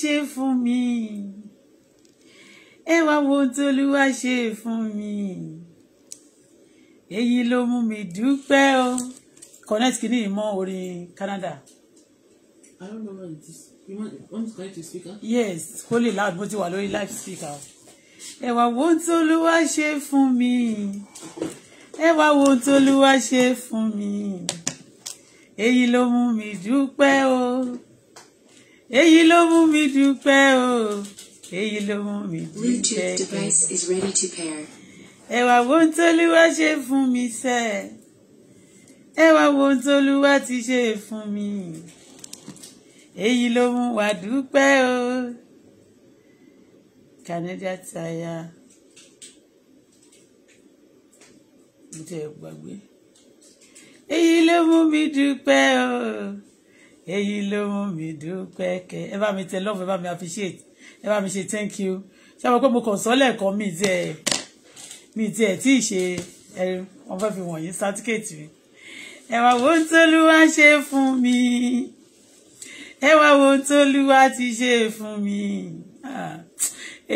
ṣe fún mi ẹ wá wo ohun tí olúwa ṣe fún mi èyí ló mú mi dúpẹ́ o connect kìíní ìmọ̀ orin Canada. I don't know what it is. You want, want to connect to speaker? Yes, holy loud mo ti wà lórí live speaker. Ẹ wá wo ohun tí olúwa ṣe fún mi. Ẹ wá wo ohun ṣe fún mi. Èyí ló mú mi dúpẹ́ o èyí ló mú mi dúpẹ́ o èyí ló mú mi dúpẹ́. Bluetooth device is ready to pair. wo ń tolúwa ṣe fún mi sẹ́ ẹ̀wà wo ń tolúwa ti ṣe fún mi èyí ló mú wa dúpẹ́ o Canadian Tire mo tẹ gbàgbé èyí ló mú mi dúpẹ́ o èyí ló mú mi dúpẹ́ kẹ́ ẹ bá mi tẹ love ẹ bá mi appreciate ẹ bá mi ṣe thank you ṣé àwọn pé mo kàn sọ lẹ́ẹ̀kan mi tiẹ̀ mi tiẹ̀ tí ì ṣe ẹ̀rí wọn fẹ́ fi wọ̀nyí sátíkẹ́ẹ̀tì mi ẹ wá wo ń tólúwá ṣe fún mi ẹ wá wo ń tólúwá ti ṣe fún mi ah,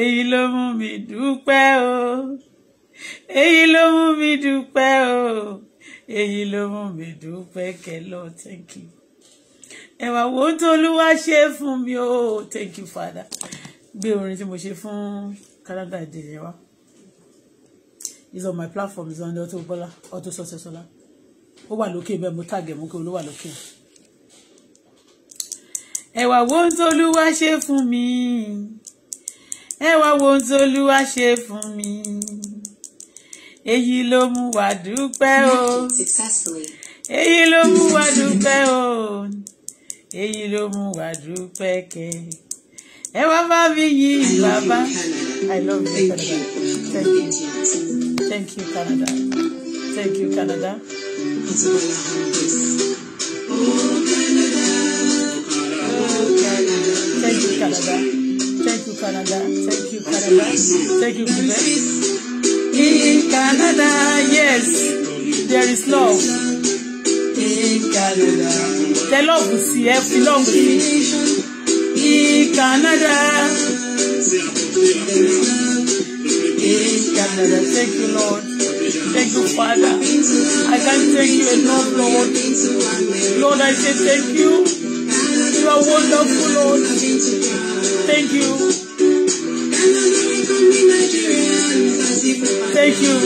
èyí ló mú mi dúpẹ́ o èyí ló mú mi dúpẹ́ o èyí ló mú mi dúpẹ́ kẹ́ lọ thank you ẹwà wo tó olúwa ṣe fún mi o oh, thank you father gbé orin tí mo ṣe fún káràgà ìdílé wa is on my platform is on Auto Bola Auto Success Ola ó wà lókè bẹ́ẹ̀ mo tag ẹ̀ mú kí olúwa lókè ẹwà wo tó olúwa ṣe fún mi ẹwà wo tó olúwa ṣe fún mi èyí ló mú wa dúpẹ́ o èyí ló mú wa dúpẹ́ o èyí ló mú wa dúpẹ́ kẹ́ ẹ wá bá mi yí bàbá i love you canada thank you thank you canada thank you canada. Thank you, Canada. Thank you, Canada. Thank you, Canada. Thank you, Quebec. In Canada, yes, there is love. In Canada tẹ lọ́ọ̀bù sí ẹ fi lọ́ọ̀bù sí i Canada. In Canada, thank you, Lord. Thank you, Father. I can't thank you enough, Lord. Lord, I say thank you. You are wonderful, Lord. Thank you. Thank you.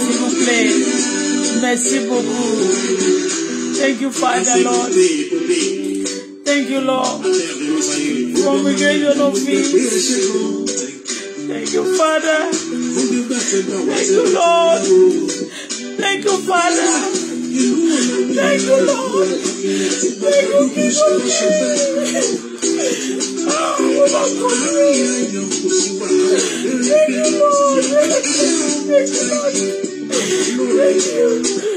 S'il vous plaît. Merci beaucoup. Thank you, Father, Lord. Thank you, Lord. Congregation of peace. Thank you, Father. Thank you, Lord. Thank you, Father. Thank you, Lord. Thank you, King of Kings. Thank you, Lord. Thank you, Lord. Thank you.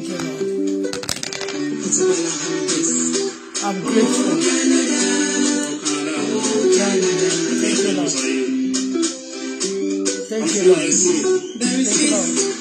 thank you, Lord. I'm grateful. Thank you, Lord. Thank you, Lord. Thank you, Lord.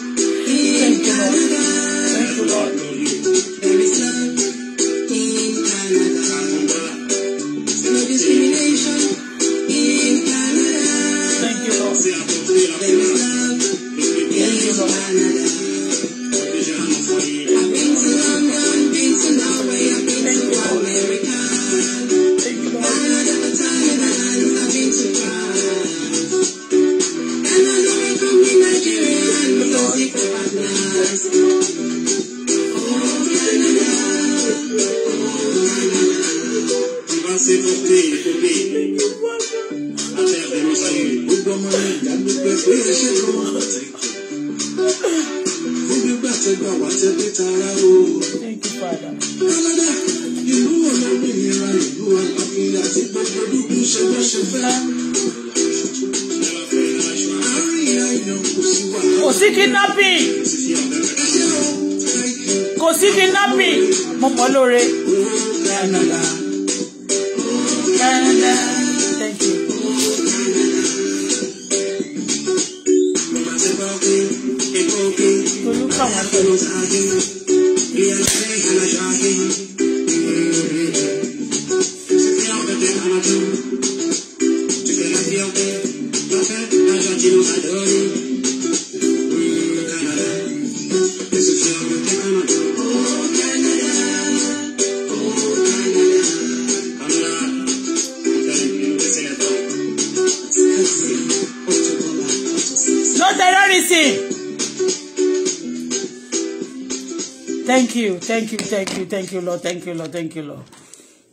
thank you lord thank you lord thank you lord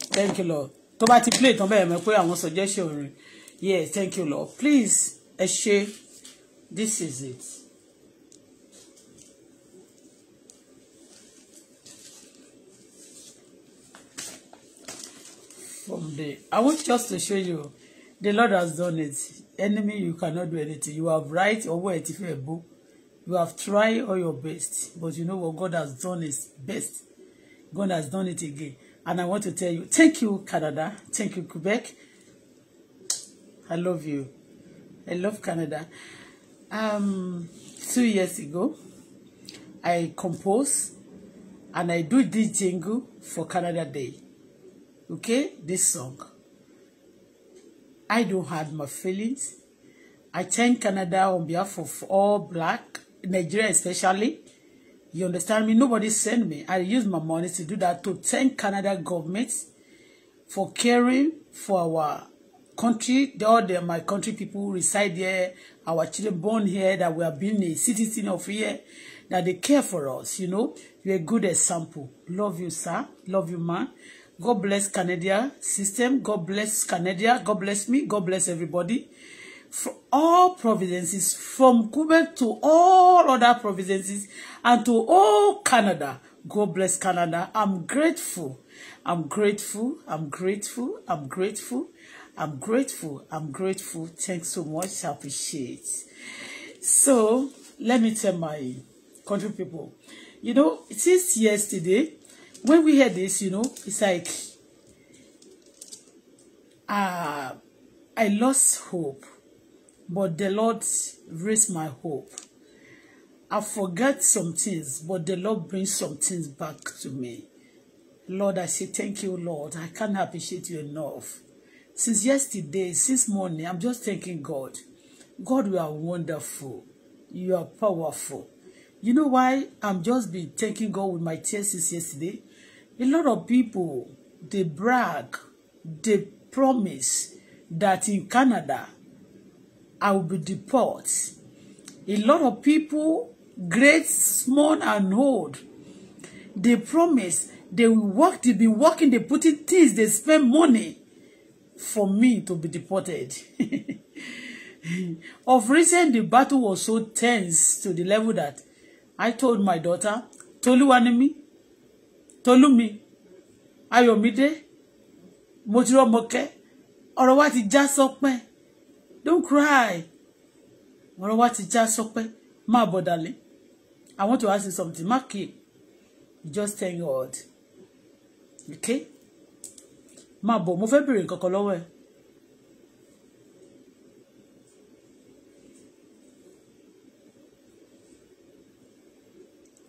thank you lord tó bá ti play tán bẹ́ẹ̀ mọ̀ pé àwọn suggestion orin yes thank you lord please ẹ ṣe this is it. From the, I want just to show you the Lord has done it. Enemy, you cannot do anything. You have right or what if you have tried all your best, but you know what God has done is best. God has done it again. And I want to tell you, thank you, Canada. Thank you, Quebec. I love you. I love Canada. Um, two years ago, I composed and I do this jingle for Canada Day. Okay, this song. I don't hide my feelings. I thank Canada on behalf of all black, Nigeria especially, You understand me? Nobody sent me. I used my money to do that to thank Canada government for caring for our country, all the, my country people reside here, our children born here, that we have been a citizen of here, that they care for us, you know. You're a good example. Love you, sir. Love you, man. God bless Canada system. God bless Canada. God bless me. God bless everybody. For all providences, from Quebec to all other providences, and to all Canada. God bless Canada. I'm grateful. I'm grateful. I'm grateful. I'm grateful. I'm grateful. I'm grateful. Thanks so much. I appreciate. So let me tell my country people. You know, since yesterday, when we heard this, you know, it's like uh, I lost hope, but the Lord raised my hope. I forget some things, but the Lord brings some things back to me. Lord, I say thank you, Lord. I can't appreciate you enough. Since yesterday, since morning, I'm just thanking God. God, you are wonderful. You are powerful. You know why I'm just been thanking God with my tears since yesterday? A lot of people, they brag, they promise that in Canada, I will be deported. A lot of people great, small, and old. They promise they will work, they've been working, they put in things, they spend money for me to be deported. Of recent, the battle was so tense to the level that I told my daughter, "Tolu Tolumi, tolu mi, ayomide, motiro ti orowati sọ́pẹ́, don't cry, orowati wa ti já sọ́pẹ́, I want to ask you something. Mark Just thank God. Okay? Máa bọ̀, mo fẹ́ bèrè nǹkan kan lọ́wọ́ ẹ̀.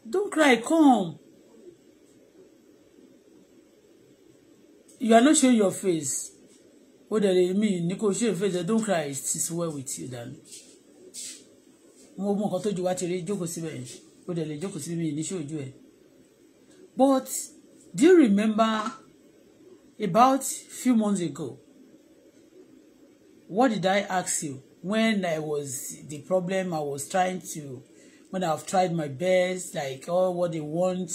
Don't cry, come. You are not showing your face. What does it mean? Nico, show your face. Don't cry. It's well with you, darling. Mo mọ nǹkan tó ju wá ti rí jókòó síbẹ̀ yẹn ó dẹ̀ lè jókòó sí mi ní ṣojú ẹ̀ but do you remember about few months ago what did I ask you when I was the problem I was trying to when I have tried my best like all oh, what they want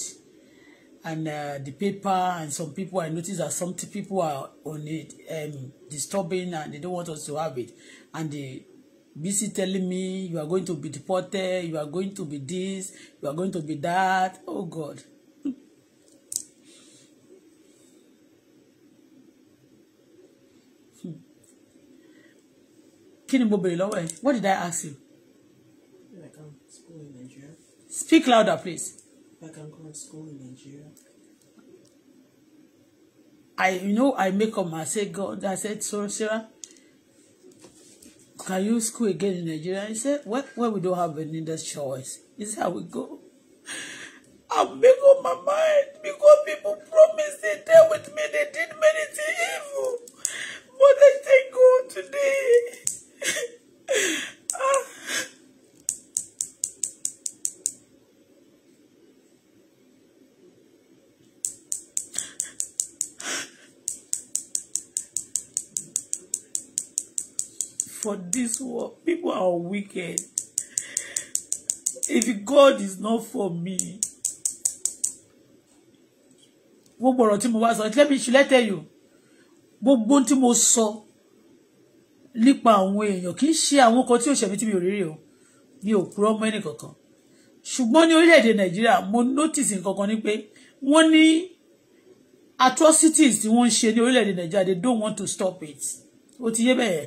and uh, the paper and some people I notice that some people are on it um, disturbing and they don't want us to have it and they busy telling me you are going to be deported you are going to be this you are going to be that oh God kí ni mo béèrè lọ́wọ́ ẹ what did I ask you. I can school in Nigeria. speak louder please. I can come to school in Nigeria. I you know I make up my say God I said so Sarah can you school again in Nigeria? He said, well, well we don't have other choice. Is how we go. I'm big on my mind because people promised they there with me. They did many things evil. But I thank God today. Ah. for this world. People are wicked. If God is not for me, gbogbo ọ̀rọ̀ tí mo wá sọ let me should I tell you gbogbo tí mo sọ nípa àwọn èèyàn kì í ṣe àwọn kan tí ò ṣẹ̀mí tí mi ò rírì o mi ò kúrọ́ mọ́ ẹnì kankan ṣùgbọ́n ní orílẹ̀-èdè nàìjíríà mo notice nǹkan kan ni pé wọ́n ní atrocities tí wọ́n ń ṣe ní orílẹ̀-èdè nàìjíríà they don't want to stop it ó ti yé bẹ́ẹ̀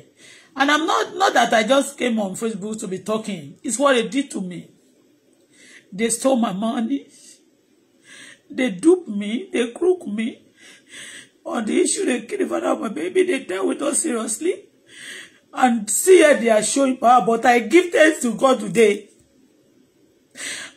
And I'm not, not that I just came on Facebook to be talking. It's what they did to me. They stole my money. They duped me. They crook me. On the issue they killed the father of my baby, they dealt with us seriously. And see here they are showing power, but I give thanks to God today.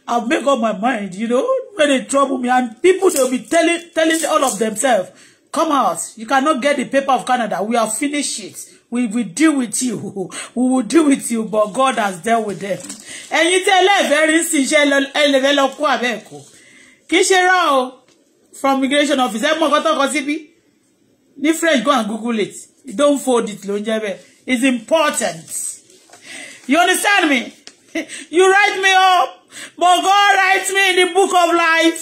I've made up my mind, you know, when they trouble me. And people, they'll be telling, telling all of themselves, come out. You cannot get the paper of Canada. We have finished it we will deal with you we will deal with you but God has dealt with them ẹ̀yin tí ẹlẹ́ẹ̀fẹ́ rí sí iṣẹ́ ẹlẹ́fẹ́ lọ kó abẹ́ ẹ̀kọ́ kì í ṣe rán o from immigration office ẹ mọ ọkọ tọkọ síbí ní French go and Google it you don't fold it ló ń jẹ bẹ́ẹ̀ it's important you understand me you write me up but God writes me in the book of life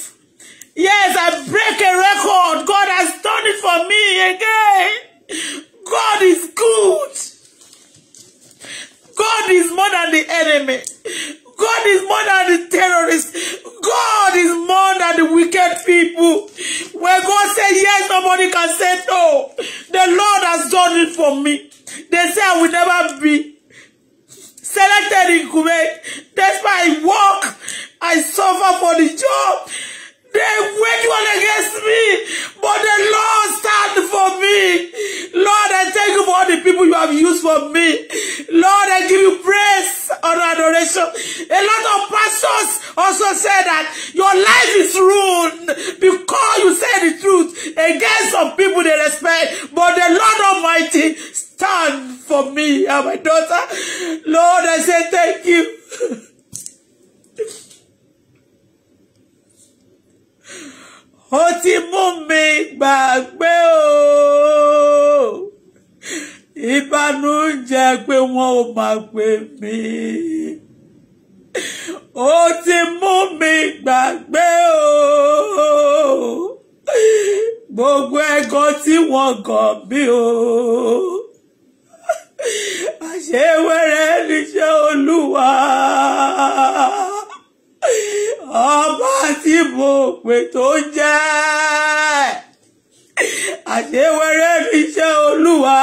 yes I break a record God has done it for me again. God is good. God is more than the enemy. God is more than the terrorists. God is more than the wicked people. When God says yes, nobody can say no. The Lord has done it for me. They say I will never be selected in Kuwait. That's why I work. I suffer for the job. They wage one against me, but the Lord stand for me. Lord, I thank you for all the people you have used for me. Lord, I give you praise and adoration. A lot of pastors also say that your life is ruined because you say the truth against some people they respect, but the Lord Almighty stand for me and my daughter. Lord, I say thank you. ó ti mú mi gbàgbé o ìbànújẹ́ pé wọn ò máa pè mí ó ti mú mi gbàgbé o gbogbo ẹ̀gọ́ tí wọ́n gàn mí o àṣewẹ́rẹ́ níṣẹ́ olúwa ọba tí mo pè tó jẹ́ àṣewẹ́rẹ́ fi ṣe olúwa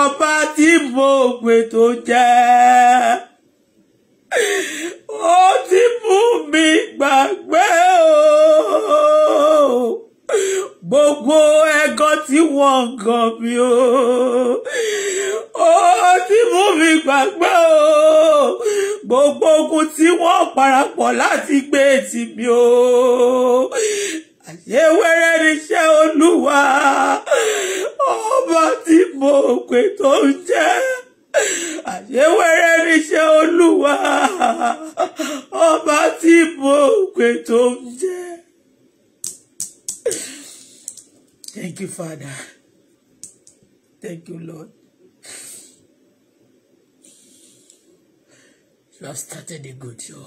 ọba tí mo pè tó jẹ́ ó ti mú mi gbàgbé o gbogbo ẹ̀gọ́ tí wọ́n gàn mí o ó ti mú mi gbàgbé o gbogbo ogun tí wọ́n parapọ̀ láti gbé tì mí o àṣẹ wẹ́rẹ́ níṣẹ́ olúwa ọba tí mo pè tó ń jẹ́ àṣẹ wẹ́rẹ́ níṣẹ́ olúwa ọba tí mo pè tó ń jẹ́. Thank you, Father. Thank you, Lord. You have started a good job.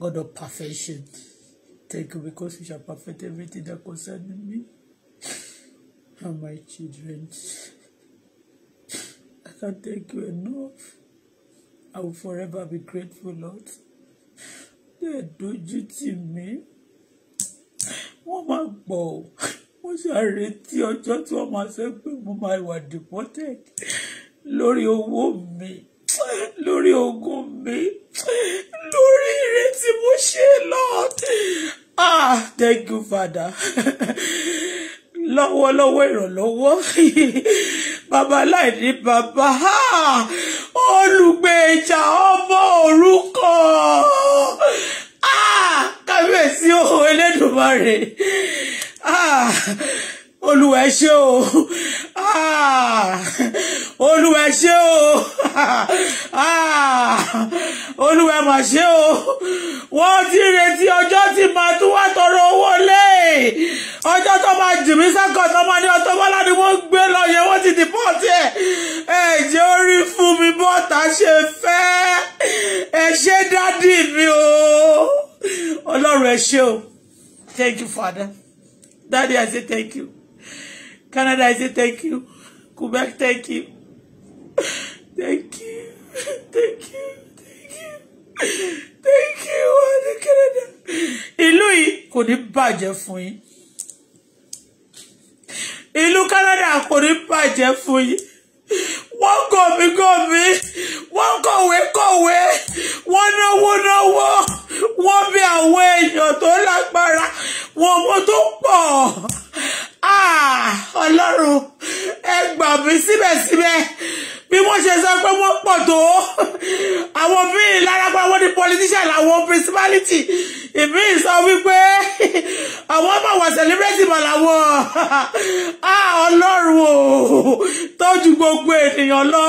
God of perfection, thank you because you shall perfect everything that concerns me and my children. I can't thank you enough. I will forever be grateful, Lord. They dojú tì me. Wọ́n máa gbọ́ ò. Wọ́n ṣàrètí ọjọ́ tí wọ́n máa ṣe pé mo máa wà deported lórí owó mi lórí ogun mi lórí ire tí mo ṣe Lord ah thank you Father lọ́wọ́lọ́wọ́ ìrànlọ́wọ́ bàbá láìní bàbá ah, olùgbèjà ọmọ òrukọ ah, kábíyèsí òun Elédùmarè. Ah, olúwa ẹ ṣé o ah! olúwa ẹ ṣé o ah! olúwa mà ṣé o wọ́n ti retí ọjọ́ tí màá tún wá tọrọ owó lé ọjọ́ tó máa jì mí sẹ́kọ̀ọ́ tó máa ní ọtọ́ bọ́lá ni wọ́n gbé lọ yẹn wọ́n ti dìpọ́ọ̀tì ẹ̀ ẹ̀ jẹ́ orí fún mi bọ́ọ̀tà ṣe fẹ́ ẹ ṣé dádì mi o ọlọ́run ẹ ṣé o thank you father daddy i say thank you. Canada, I say thank you. Quebec, thank you. Thank you. Thank you. Thank you. Thank you, Wanda Canada. Ìlú yìí kò ní bàjẹ́ fún yín. Ìlú Canada kò ní bàjẹ́ fún yín. Wọ́n kọ̀ mí kọ̀ mí. Wọ́n kọ̀wé kọ̀wé. Wọ́n náwó náwó. Wọ́n bí àwọn èèyàn tó lágbára. Wọ́n mọ tó pọ̀. Ah, ọlọ́run ẹ gbà mí síbẹ̀síbẹ̀ bí wọ́n ṣe sọ pé wọ́n pọ̀ tó àwọn míì lárápá wọn ni politician làwọn principality ìmíì sọ wípé àwọn máa wà celebrity mà làwọn ah, ọlọ́run ò tọ́jú gbogbo ènìyàn lọ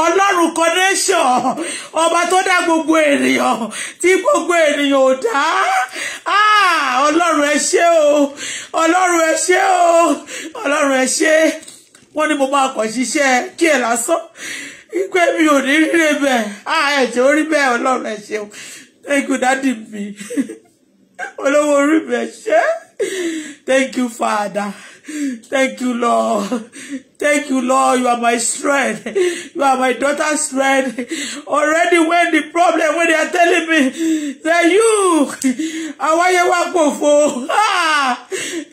ọlọ́run connection ọba tó dá gbogbo ènìyàn tí gbogbo ènìyàn ò dá ah, ọlọ́run ẹ ṣé o ọlọ́run ẹ ṣé o ọlọ́run ẹ ṣé wọ́n ní mo máa kàn ṣiṣẹ́ kí ẹ̀ lásán ipe mi ò ní ríre bẹ́ẹ̀ á ah, ẹ̀jẹ̀ orí bẹ́ẹ̀ ọlọ́run ẹ ṣeun thank you dádì mi olówó orí mi ẹ ṣé thank you father. Thank you, Lord. Thank you, Lord. You are my strength. You are my daughter's strength. Already when the problem, when they are telling me that you, àwáyé wá you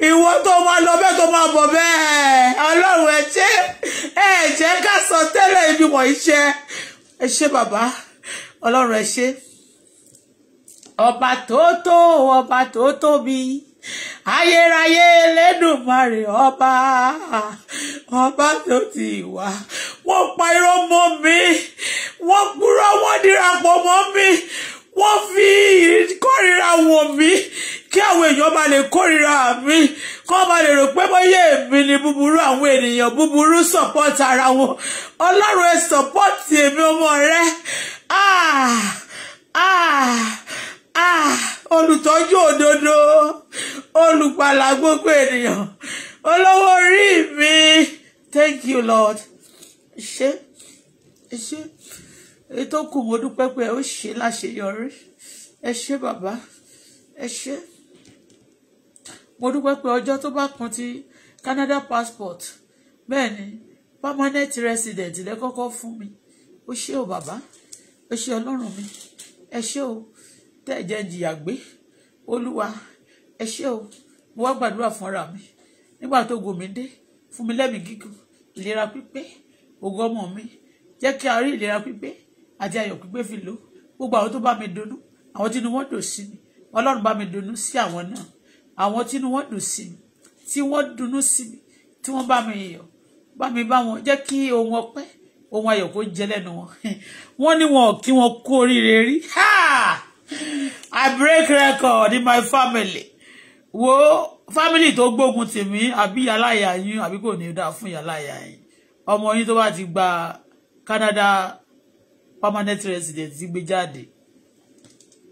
ìwọ tó máa lọ bẹ́ẹ̀ tó máa bọ̀ bẹ́ẹ̀, ọlọ́run ẹ jẹ́, ẹ jẹ́ ká sọ tẹ́lẹ̀ ibi wọ̀nyí ṣe. Ẹ ṣé bàbá, ọlọ́run ẹ ṣé. Ọba tó tó, ọba tó tóbi ayérayé lẹ́dùnmarè ọba ọba tó ti wà wọ́n pa irọ́ mọ́ mi wọ́n purọ́ wọ́n dirapọ̀ mọ́ mi wọ́n fi kórìíra wọ̀ mí kí àwọn èèyàn bá lè kórìíra mi kí wọ́n bá lè rò pé bóyá èmi ni búburú àwọn ènìyàn búburú sọ̀pọ́tì ara wọn ọlọ́run ẹ sọ̀pọ́tì èmi ọmọ rẹ ah ah. Ah, olùtọ́jú òdodo olùpàlà gbogbo ènìyàn olówó orí mi thank you lord ṣe ṣe èyí tó kù mo dúpẹ́ pé ó ṣe láṣeyọrí ẹ ṣe bàbá ẹ ṣe mo dúpẹ́ pé ọjọ́ tó bá kan ti Canada passport bẹ́ẹ̀ ni permanent resident lẹ́kọ́kọ́ fún mi ó ṣe o bàbá ó ṣe ọlọ́run mi ẹ ṣe o tẹ́ ẹ̀ jẹ́ ń jìyà gbé olúwa ẹ ṣé o mo wá gbàdúrà fúnra mi nígbà tó gùn mí dé fún mi lẹ́mìí gígùn ìlera pípé ògo ọmọ mi jẹ́ kí a rí ìlera pípé àti ayọ̀ pípé fi lò gbogbo àwọn tó bá mi dunnú àwọn tínú wọn dùn sí mi ọlọ́run bá mi dunnú sí àwọn náà àwọn tínú wọn dùn sí mi tí wọ́n dunnú sí mi tí wọ́n bá mi yọ̀ bá mi bá wọn jẹ́ kí ohun ọpẹ́ ohun ayọ̀ kó jẹ lẹ́nu wọn wọ́n ní wọn kí wọn kú oríire rí I break record in my family. Wo family tó gbógun tì mí àbí yàláyà yín àbí kò ní dáa fún yàláyà yín. Ọmọ yín tó bá ti gba Canada permanent resident ti gbé jáde.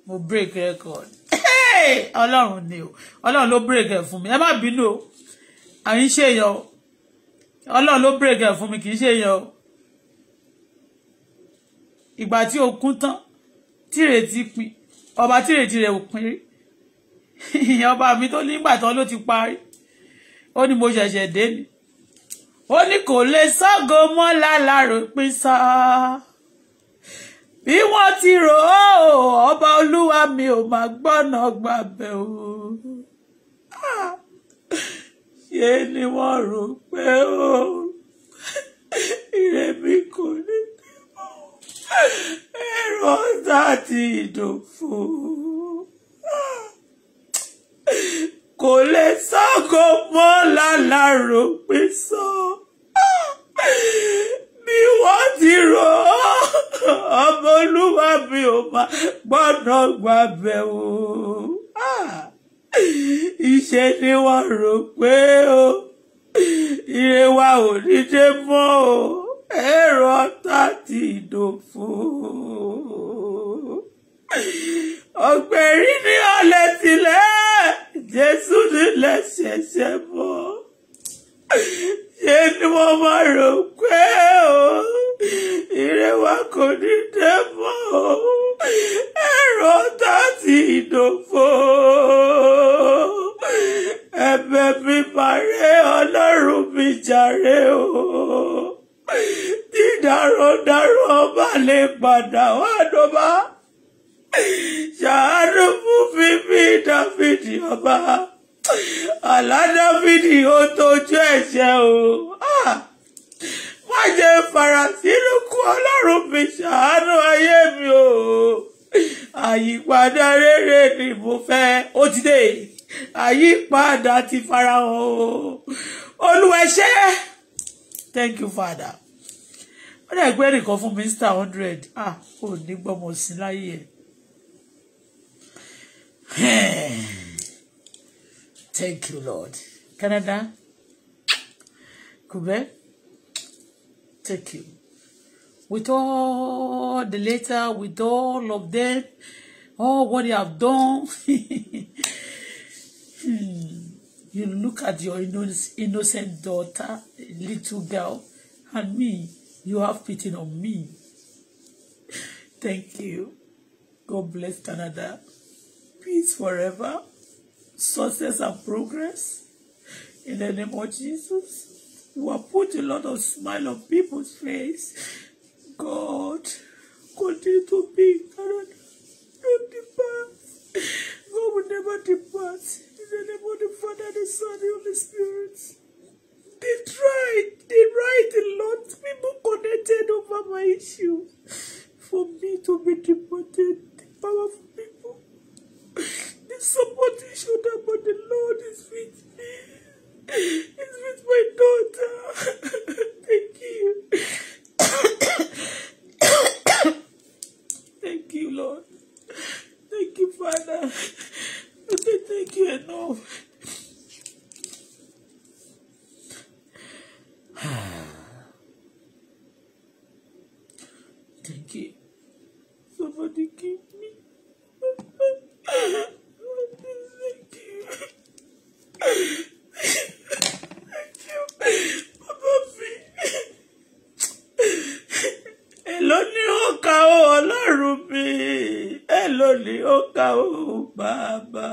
Mo break record. Ọlọ́run ni o. Ọlọ́run ló break ẹ̀ fún mi. Ẹ má bínú o. Àyín ṣe èèyàn o. Ọlọ́run ló break ẹ̀ fún mi kì í ṣe èèyàn o. Ìgbà tí o kún tán, tírètí pin ọba tí ìrètí rẹ̀ ò pín ọba mi tó nígbà tán ló ti parí ó ní mo ṣẹ̀ṣẹ̀ dé ni ó ní kò lè ṣọ́go mọ́ lálàrò pín sá bí wọ́n ti rò ó ọba olúwa mi ò máa gbọ́nà gbàbẹ̀ o ah! ṣe ni wọ́n rò pé ó ire kò ní. It was that Ìdòfo. Kò lè sọ́kò mọ́ lálàrò pé sọ. Bí wọ́n ti rò ó, ọmọ olúwa mi ò máa gbọ́dọ̀ gbàbẹ̀ o. Ìṣe ni wọ́n rò pé o, ire wa ò ní dé mọ́ o ẹ̀rọ tàti ìdòfo. ọ̀gbẹ́ rí ní ọ̀lẹ́ tilẹ̀ jésù nílẹ̀ ṣẹ̀ṣẹ̀ bọ̀. ṣé ni wọ́n máa rò pé o ire wa kò ní dẹ́ mọ́ o ẹ̀rọ tàti ìdòfo. ẹ̀bẹ̀ mi bàrẹ́ ọlọ́run mi jàre o dídàrọ̀dàrọ̀ bá lè padà wá dọ́bá ṣàánú fún fífi dáfídì ọba àládáfídì ó tójú ẹ̀ṣẹ̀ o ah! má jẹ́ farasínú kú ọlọ́run fi ṣàánú ayé mi o àyípadà rere ni mo fẹ́ ó ti dé àyípadà ti farahàn o olùwẹ̀ṣẹ́ thank you father ó dẹ̀ gbé nìkan fún mr hundred ah ò ní gbọ́mọ sí láyé ẹ̀ thank you lord canada quebec thank you with all the letter with all of them all what you have done. hmm you look at your innocent daughter, little girl, and me, you have pity on me. Thank you. God bless Canada. Peace forever. Success and progress. In the name of Jesus, you have put a lot of smile on people's face. God, continue to be in Canada. Don't depart. God will never depart. In the name of the Father, the Son, the Holy Spirit. They tried, they write a lot. People connected over my issue for me to be deported. The powerful people. The support issue that but the Lord is with me. Is with my daughter. Thank you. Thank you, Lord. Thank you, Father. I can't thank you enough. thank you. Somebody give me. thank you. lónìí ó ga ó bàbá.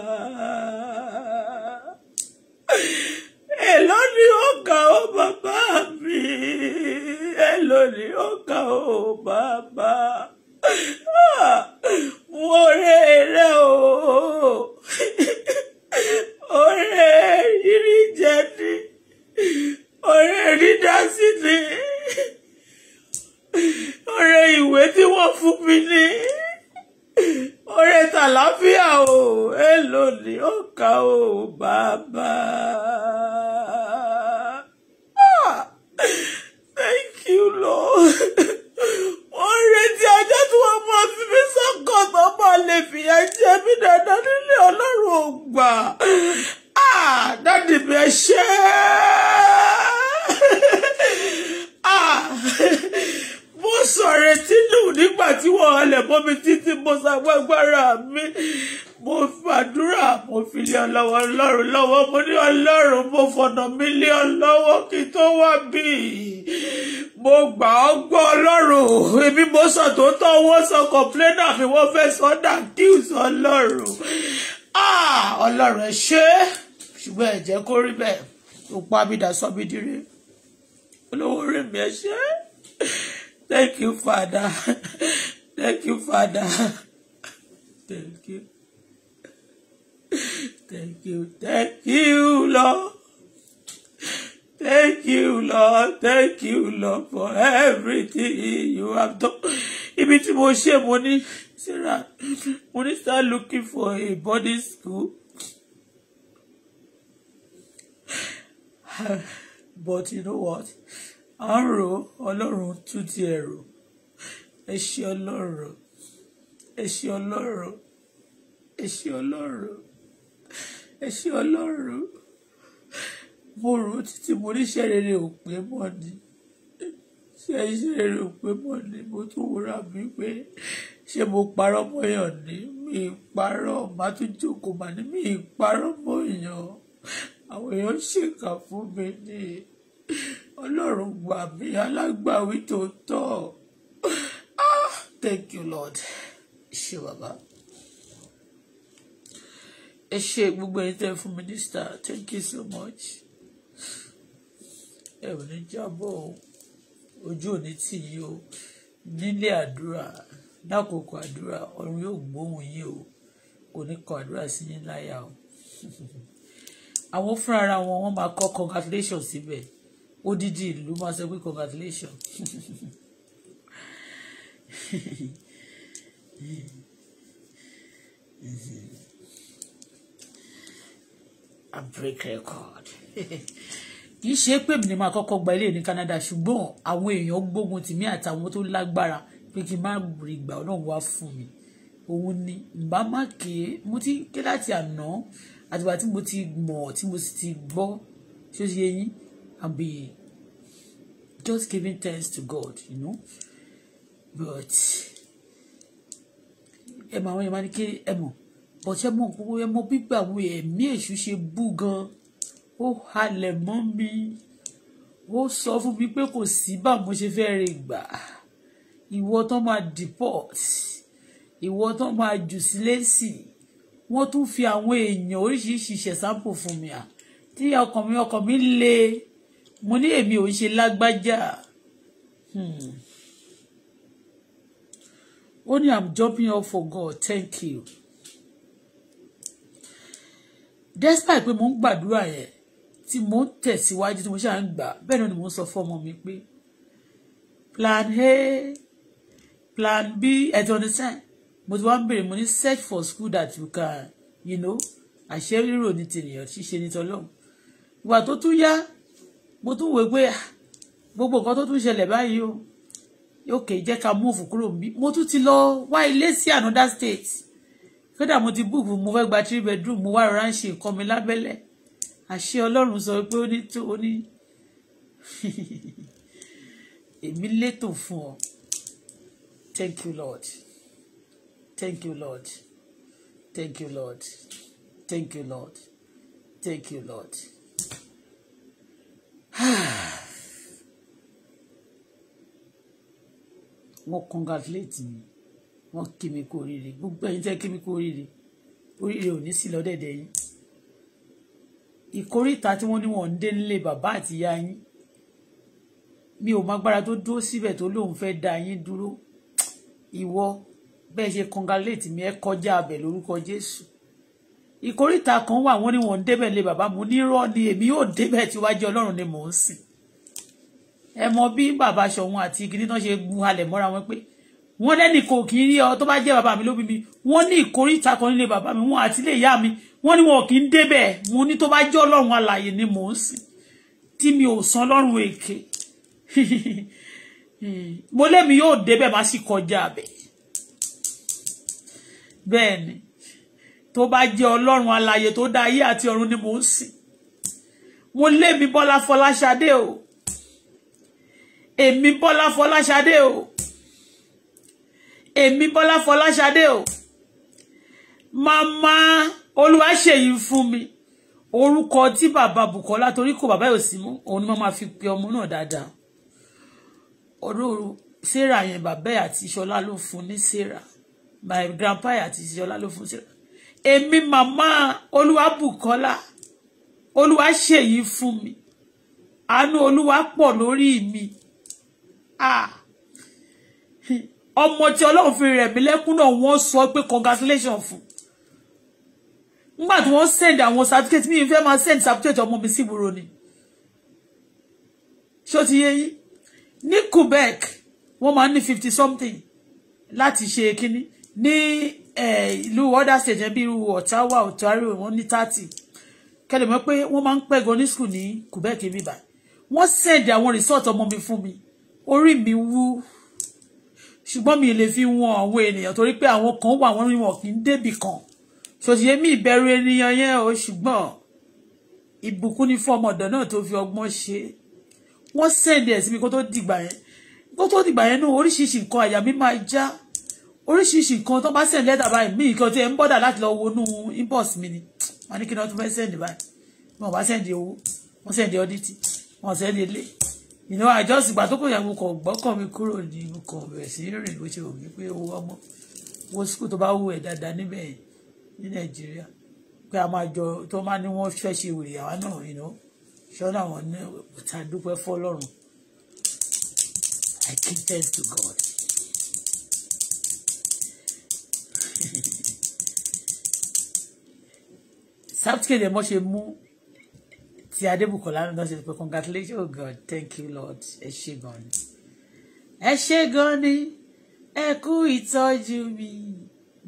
complainers ni wọ́n fẹ́ sọ dà kíus ọlọ́run ah, ọlọ́run ẹ ṣe ṣùgbọ́n ẹ jẹ́ kó rí bẹ́ẹ̀ tó pa mí dà sọ mí dire olówó rí mi ẹ ṣe thank you father thank you father thank you thank you thank you lord. Thank you, Lord. Thank you, Lord, for everything you have done ibi tí mo ṣe mo ní sarah mo ní start looking for a boarding school but you know what à ń ro ọlọ́run tún ti ẹ̀rọ ẹ ṣé ọlọ́run ẹ ṣé ọlọ́run ẹ ṣé ọlọ́run ẹ ṣé ọlọ́run mo rò ó títí mo níṣẹ́ rere ò pé mọ́ ni ṣé ṣe rò pé mo ní mo tún wúra mi pé ṣé mo parọ́ mọ́yàn ní mi parọ́ má tún jókòó mà ní mi parọ́ mọ́yàn àwọn èèyàn ṣèkà fún mi ní ọlọ́run gbà mí alágbàwí tó tọ́ ah thank you lord ṣé bàbá ẹ ṣe gbogbo ẹni tẹ́ fún mínísítà thank you so much ẹ ò ní jábọ̀ o ojú òní tì yí o nílé àdúrà lákòókò àdúrà ọ̀run yóò gbóhùn yín o kò ní kọ àdúrà sí yín láyà o àwọn fúnra ara wọn wọ́n máa kọ congratulations síbẹ̀ odidi ìlú máa sọ pé congratulations I break record. kì í ṣe pé mi ni máa kọ́kọ́ gba ilé ní Canada ṣùgbọ́n àwọn èèyàn gbógun tìmí àtàwọn tó lágbára pé kí n má rí ìgbà náà wá fún mi òun ni bá má ké mo ti ké láti àná àtìgbà tí mo ti mọ̀ tí mo sì ti gbọ́ tí ó ti yé yín àbí just giving thanks to God you know but ẹ mọ àwọn yẹn máa ní ké ẹ mọ bọ̀ṣẹ́ ẹ mọ gbígbà wo ẹ̀mí èṣù ṣe bú gan-an ó halẹ̀ mọ́ mi ó sọ fún mi pé kò sí bá mo ṣe fẹ́ rè gbà ìwọ tán máa deport ìwọ tán máa jù sílé sí wọ́n tún fi àwọn èèyàn oríṣiríṣi ṣẹ̀sáǹpù fún mi à tí ọkàn mi ọkàn mi le mo ní èmi ò ń ṣe lágbájá hmm. ó ní i'm jumping up for god thank you despite pé mo ń gbàdúrà yẹn tí mo ń tẹ̀síwájú tí mo ṣáà ń gbà bẹ́ẹ̀ náà ni mo ń sọ fún ọmọ mi pé plan A plan B ẹ̀tí understand mo ti wá ń bèrè mo ní search for school that you can you know àṣẹ rírò ní tènìyàn ṣíṣe ní tọlọ́hún ìwà tó tún yá mo tún wò pé ah, gbogbo nǹkan tó tún ṣẹlẹ̀ báyìí o okay jẹ́ ká move kúrò mí mo tún ti lọ wá ilé sí another state kódà mo ti book mo fẹ́ gba three bedroom mo wá rọra ń ṣe nǹkan mi lábẹ́lẹ̀ àṣé ọlọ́run sọ pé ó ní tó ó ní èmi létò fún ọ thank you lord thank you lord thank you lord thank you lord thank you lord. wọ́n congratulate mi wọ́n kí mi kú oríire gbogbo ẹ̀yin tẹ́ kí mi kú oríire oríire ò ní sí lọ́dẹ̀dẹ̀ yín ìkórìtà tí wọ́n ní wọ́n ń dé nílé bàbá àti ìyá yín mi ò mágbára tó dúró síbẹ̀ tó lóun fẹ́ dá yín dúró ìwọ bẹ́ẹ̀ ṣe congolate mi ẹ kọjá abẹ lórúkọ Jésù ìkórìtà kan wà wọ́n ní wọ́n ń débẹ̀ lé bàbá mo nírọ́ ni èmi yóò débẹ̀ tí wájú Ọlọ́run ni mò ń sìn ẹ mọ bí bàbá Ṣọ̀ún àti kìnìún náà ṣe bu halẹ̀ mọ́ra wọn pé wọ́n lẹ́nì kò kì í rí ọ tó bá jẹ́ bàbá mi ló bí mi wọ́n ní ìkórìtà kan nílé bàbá mi wọ́n àti mi wọ́n ní wọn kì í débẹ̀ mo ní tó bá jẹ́ ọlọ́run alààyè ni mò ń sìn tí mi ò san ọlọ́run èké mo lémi yóò débẹ̀ má sì kọjá bẹ̀ bẹ́ẹ̀ ni tó bá jẹ́ ọlọ́run alààyè tó dá ayé àti ọ̀run ni mò ń sìn mo lémi Bọ́lá Fọláṣadé o èmi Bọ́lá Fọláṣadé o èmi Bọ́lá Fọláṣadé o màmá olúwa ṣèyí fún mi orúkọ tí bàbá Bùkọ́lá torí kò bàbá yóò sí mú òun ni wọ́n máa fi pe ọmọ náà dáadáa ọdún sarah yẹn bàbá ẹ̀ àti ṣọlá ló fún ní sarah my grandpa ẹ̀ àti ṣọlá ló fún sarah èmi màmá olúwa Bùkọ́lá olúwa ṣèyí fún mi àánú olúwa pọ̀ lórí mi ọmọ tí ọlọ́run fi rẹ̀ mí lẹ́kún náà wọ́n sọ pé congratulations fún un nígbà tí wọ́n send àwọn certificate mi fẹ́ máa send certificate ọmọ mi sí ìwúro ni ṣó ti yé yín ní Quebec wọ́n máa ń ní fifty something láti ṣe kínní ní ìlú other state bí irú Ottawa Ontario wọ́n ní thirty kẹlẹ̀ mọ́ pé wọ́n máa ń pẹ́ gan ní school ní Quebec bíbá wọ́n send àwọn result ọmọ mi fún mi orí mi wú ṣùgbọ́n mi lè fi wọn àwọn ènìyàn torí pé àwọn kan wà wọ́n rí wọn kì í débì kan ṣòṣìṣẹ́ mi ìbẹ̀rù ènìyàn yẹn o ṣùgbọ́n ìbùkún ni fún ọmọ ọ̀dọ̀ náà tó fi ọgbọ́n ṣe wọ́n sẹ́ndì ẹ̀ sí mi kó tó dìgbà yẹn kó tó dìgbà yẹn náà oríṣiríṣi nǹkan àyà mi máa já oríṣiríṣi nǹkan tó bá sẹ́ndì lẹ́tà báyìí mí nǹkan tí ẹ̀ ń bọ́dà láti lọ wọnú inbox mi ni wọ́n ní kí wọ́n tún fẹ́ sẹ́ndì báyìí wọ́n bá sẹ́ndì owó wọ́n sẹ́ndì ọdítì wọ́n sẹ́ndì ilé ìnáwó àjọsìn ìgbà tó kò yàgò kọ̀ gbọ́kàn mi kúrò ní mo kàn bẹ̀rẹ̀ sí rìn bó ṣe wù mí pé owó ọmọ wo sùkúl tó bá wù ẹ̀ dáadáa níbẹ̀ yẹn ní nàìjíríà pé a máa jọ tó máa ní wọ́n fẹ́ ṣe wèrè àwa náà you know ṣọ́nà àwọn náà ta dúpẹ́ fọ́lọ́run I give thanks to God. sábtìkì lè mọ́ ṣe mú ti adébùkọ̀lá náà ṣe pé congratulations oh God thank you Lord ẹ ṣé gan ni ẹ ṣé gan ni ẹ kú ìtọ́jú mi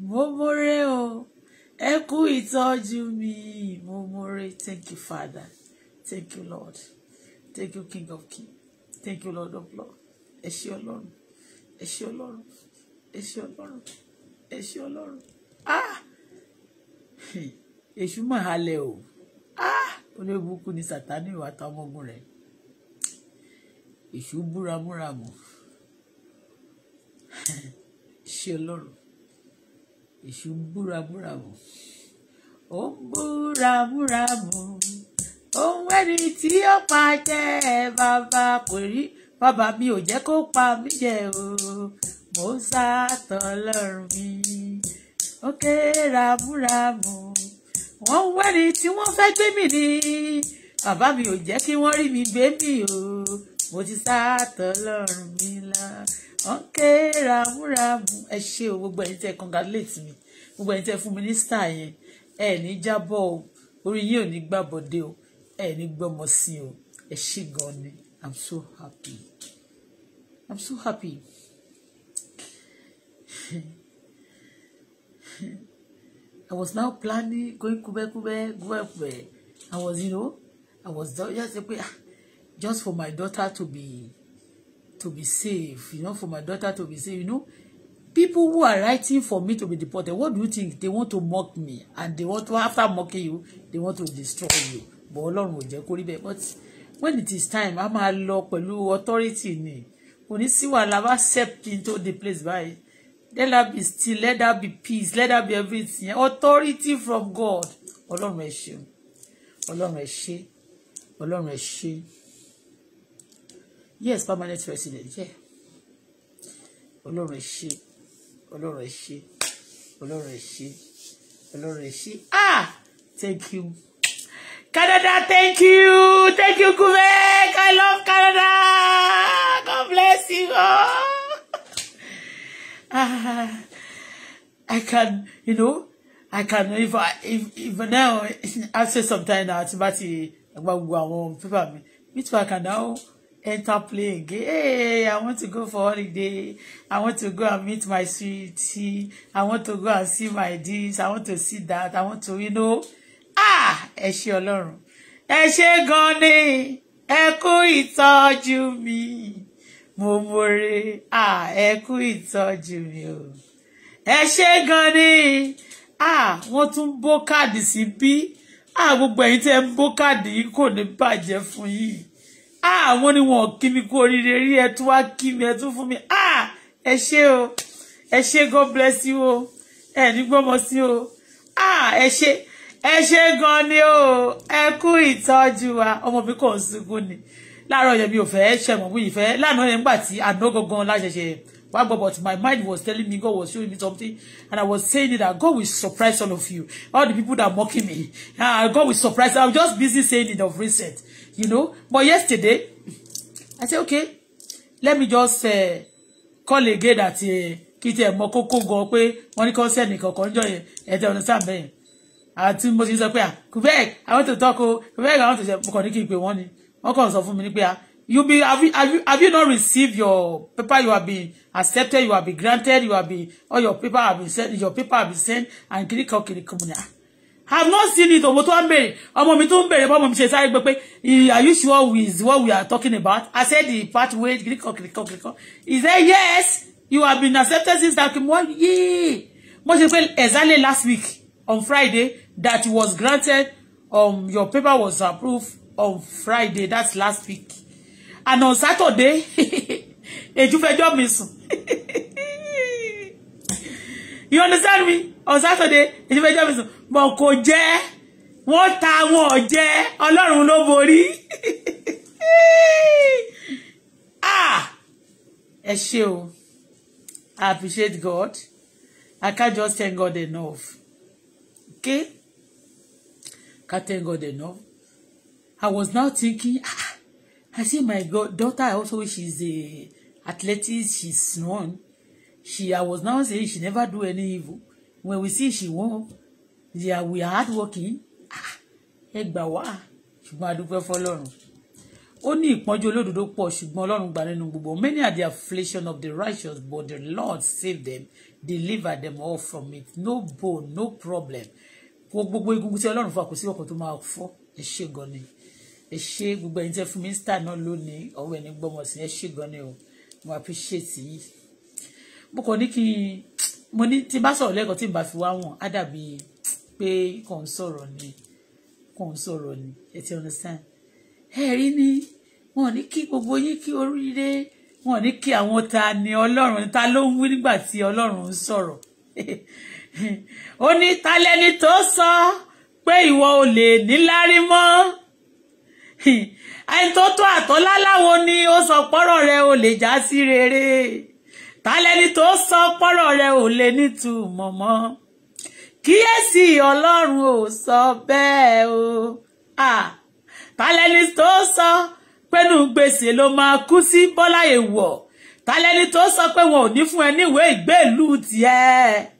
mo mọ̀rẹ́ o. Eku kú ìtọ́jú mi mo mórè thank you father thank you lord thank you king of king thank you lord of lord ẹ ṣé ọlọ́run ẹ ṣé ọlọ́run ẹ ṣé ọlọ́run ẹ ṣé ọlọ́run ah èṣù mà halẹ̀ o ah olóòbùkún ni sàtánì ìwà táwọn ọmọọgùn rẹ̀ èṣù búramúramù ṣé ọlọ́run èṣù búrabúrabù ó ń búrabúrabù òun ẹni tí ó pa jẹ bàbá kò rí bàbá mi ò jẹ́ kó pa mí jẹ o mo ń sàtọ̀ lọ́rùn mi ó ké rabúrabù wọ́n ń wẹ́ni tí wọ́n fẹ́ gbé mi ni bàbá mi ò jẹ́ kí wọ́n rí mi gbé mi o mo ti sátọ̀ lọ́rùn mi lọ wọ́n ké ramúramù ẹ ṣe o gbogbo ẹni tẹ congratulate mi gbogbo ẹni tẹ fún mínísítà yẹn ẹ ní jábọ̀ o orí yín ò ní gbàbọ̀dé o ẹ ní gbọ́mọ sí o ẹ ṣe gan ni i'm so happy i'm so happy. I was now planning going go up kubekube I was you know I was just say ah just for my daughter to be to be safe you know for my daughter to be safe you know people who are writing for me to be deported what do you think they want to mock me and they want to after mocking you they want to destroy you but Ọlọ́run ò jẹ́ kó rí but when it is time a máa lọ pẹ̀lú authority ni òní sí wàhálà bá step into the place by let that be still let that be peace let that be everything authority from God Ọlọ́run ẹ ṣeun Ọlọ́run ẹ ṣe Ọlọ́run ẹ ṣe yes permanent resident jẹ́ ọlọ́run ẹ ṣé ọlọ́run ẹ ṣé ọlọ́run ẹ ah thank you Canada thank you thank you Quebec I love Canada God bless you ah I can you know I can if I if if now I say sometimes na ti ba ti eh, gba gbogbo àwọn mi me too I can now enter play again. Hey, I want to go for holiday. I want to go and meet my sweetie. I want to go and see my this. I want to see that. I want to, you know. Ah, ẹ ṣé Ọlọ́run. Ẹ ṣé gan ni. Ẹ kú ìtọ́jú mi. Mo more. Ah, ẹ kú ìtọ́jú mi o. Ẹ ṣé gan ni. Ah, wọ́n tún bó káàdì sí bí. Ah, gbogbo ẹ̀yin tẹ́ ń bó káàdì yìí kò ní bàjẹ́ fún yìí. Ah, àwọn ni wọn kí mi kú oríire rí ẹ tún wá kí mi ẹ tún fún mi ah, ẹ ṣé o ẹ ṣé god bless you o ẹ ní gbọ́mọ sí o ah, ẹ ṣé ẹ ṣé gan ni o ẹ kú ìtọ́jú wa ọmọ mi kò ń sunkún ni láàárọ̀ yẹn mi ò fẹ́ ṣẹ̀mọ̀ mi ì fẹ́ lánàá yẹn nígbà tí àná gangan láṣẹṣẹ Why, but, my mind was telling me, God was showing me something, and I was saying it, that God will surprise all of you. All the people that are mocking me, uh, God will surprise. I'm just busy saying it of recent, you know. But yesterday, I said, okay, let me just uh, call again that eh, kí tiẹ̀ mọ kókó gan pé wọ́n ní kọ́nsẹ́ẹ̀nì kankan jọ yẹn ẹ̀tẹ̀ ọ̀nà sáà bẹ́ẹ̀ àti mo ti sọ pé à ah, Quebec àwọn tó tọ́ko Quebec àwọn tó ṣe mo ní kí n pè wọ́n ni wọ́n kàn sọ fún mi ní pé à ah, you be have you, have you have you not received your paper you have been accepted you have been granted you have been all your paper have been sent your paper have been sent and kiriko kiriko muna ah? have not seen it ọmọ tó ń bèrè ọmọ mi tó ń bèrè ọmọ mi eh, are you sure with what we are talking about i said the part wey kiriko kiriko kiriko he said yes you have been accepted since that one year mo ṣe exactly last week on friday that was granted um your paper was approved on friday that's last week and on Saturday eju fẹjọ́ mi sùn you understand me on Saturday eju fẹjọ́ mi sùn but kò jẹ́ wọ́n ta wọn jẹ́ Ọlọ́run ló borí ah ẹ ṣé o I appreciate God I can't just thank God enough okay can't thank God enough I was now thinking ah I see my daughter also, she's a athletics, she's strong. She, I was now saying she never do any evil. When we see she won't, yeah, we are hardworking. Ah, ẹ gbà wá, ṣùgbọ́n a dúpẹ́ fọlọ́run. Ó ní ìpọ́njú olódodo pọ̀ ṣùgbọ́n Ọlọ́run gbà nínú gbogbo. Many are the affliction of the righteous, but the Lord save them, deliver them all from it. No bone, no problem. Gbogbo egungun tí Ọlọ́run fà kò sí ọkàn tó máa fọ́. Ẹ ṣé gan ni ẹ ṣe gbogbo ẹni tẹ fún mínísítà náà lónìí ọwọ́ ẹni gbọmọ sí ẹ ṣe gan ni o mo appreciate yìí mo kàn ní kí n mo ní tí n bá sọ̀rọ̀ lẹ́ẹ̀kan tí n bá fi wá wọn á dàbí pé kàn ń sọ̀rọ̀ ni kàn ń sọ̀rọ̀ ni ẹ ti understand ẹ rí ni wọn ò ní kí gbogbo yín kí oríire wọn ní kí àwọn ta ni ọlọ́run ta ló ń wí nígbà tí ọlọ́run ń sọ̀rọ̀ ó ní ta tó sọ pé ìwọ ò lè níláárí mọ́ ẹni tó tó àtọ́láláwo ni ó sọ pọ́rọ̀ rẹ ò lè já sí rere tálẹ́ni tó sọ pọ́rọ̀ rẹ ò lè nítumọ̀ mọ́ kíyèsí ọlọ́run ò sọ bẹ́ẹ̀ o tálẹ́ni tó sọ pẹ́nu gbèsè ló máa kú sí bọ́lá èèwọ̀ tálẹ́ni tó sọ pé wọn ò ní fún ẹ níwèé ìgbélú tiẹ̀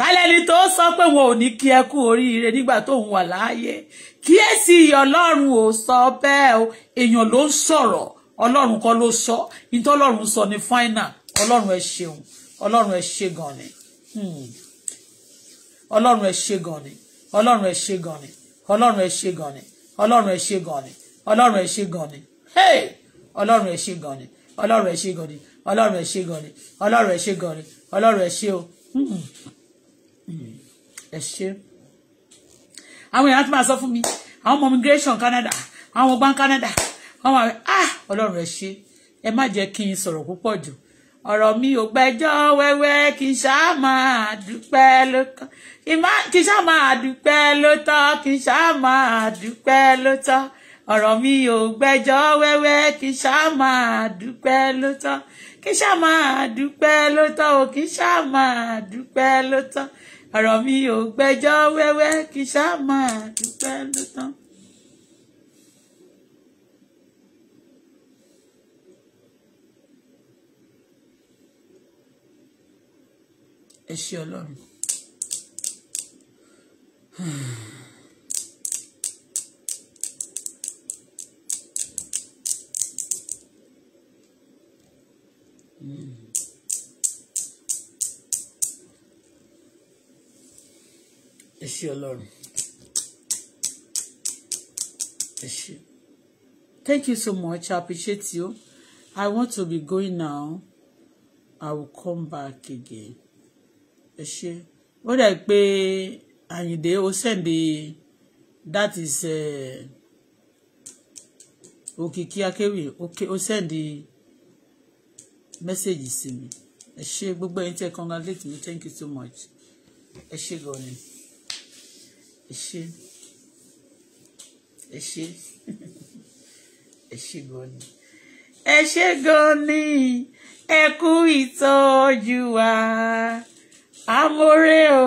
tálẹ́ni tó sọ pé wọn ò ní kí ẹ kú oríire nígbà tó ń wà láàyè kíyèsí ọlọ́run ò sọ bẹ́ẹ̀ o èèyàn ló ń sọ̀rọ̀ ọlọ́run kọ́ ló sọ nítọ́lọ́run sọ ní fáínà ọlọ́run ẹ ṣeun ọlọ́run ẹ ṣe gan ni ọlọ́run ẹ ṣe gan ni ọlọ́run ẹ ṣe gan ni ọlọ́run ẹ ṣe gan ni ọlọ́run ẹ ṣe gan ni ọlọ́run ẹ ṣe gan ni ọlọ́run ẹ ṣe gan ni ọlọ́run ẹ ṣe gan ni ọlọ́run ẹ ṣe gan ni ọlọ́run ẹ ṣe gan ni ọlọ́run ẹ ṣe o. Hmm. ẹ ṣe àwọn èèyàn ti máa sọ fún mi àwọn ọmọ immigration Canada àwọn ọmọ Canada wọ́n máa ah ọlọ́run ẹ ṣe ẹ má jẹ́ kí n sọ̀rọ̀ púpọ̀ jù ọ̀rọ̀ mi ò gbẹ́jọ́ wẹ́wẹ́ kí n ṣáà máa dúpẹ́ ló tọ́ kí n ṣáà máa dúpẹ́ ló tọ́ kí ṣáà máa dúpẹ́ ló tọ́ mi ò gbẹ́jọ́ wẹ́wẹ́ kí n ṣáà máa dúpẹ́ ló tọ́ kí ṣáà máa dúpẹ́ ló o kí n ṣáà máa dúpẹ́ ló ọ̀rọ̀ mi ò gbẹ́jọ́ wẹ́wẹ́ kí ṣá máa dúpẹ́ ló tán. ẹ ṣé ọlọ́run Mm. ẹ ṣé ọlọ́run thank you so much i appreciate you i want to be going now i will come back again ẹ ṣé ó dà pé àyìndé send the. that is eh, Okay, akéwì ó sẹ́ndé mẹ́sẹ̀gì sí mi ẹ ṣé gbogbo ẹ̀yin tẹ́ congratulate me thank you so much ẹ ṣé ẹ ṣé ẹ ṣé ẹ ṣé gan ni ẹ ṣé gan ni ẹ kú ìtọ́jú wa amore o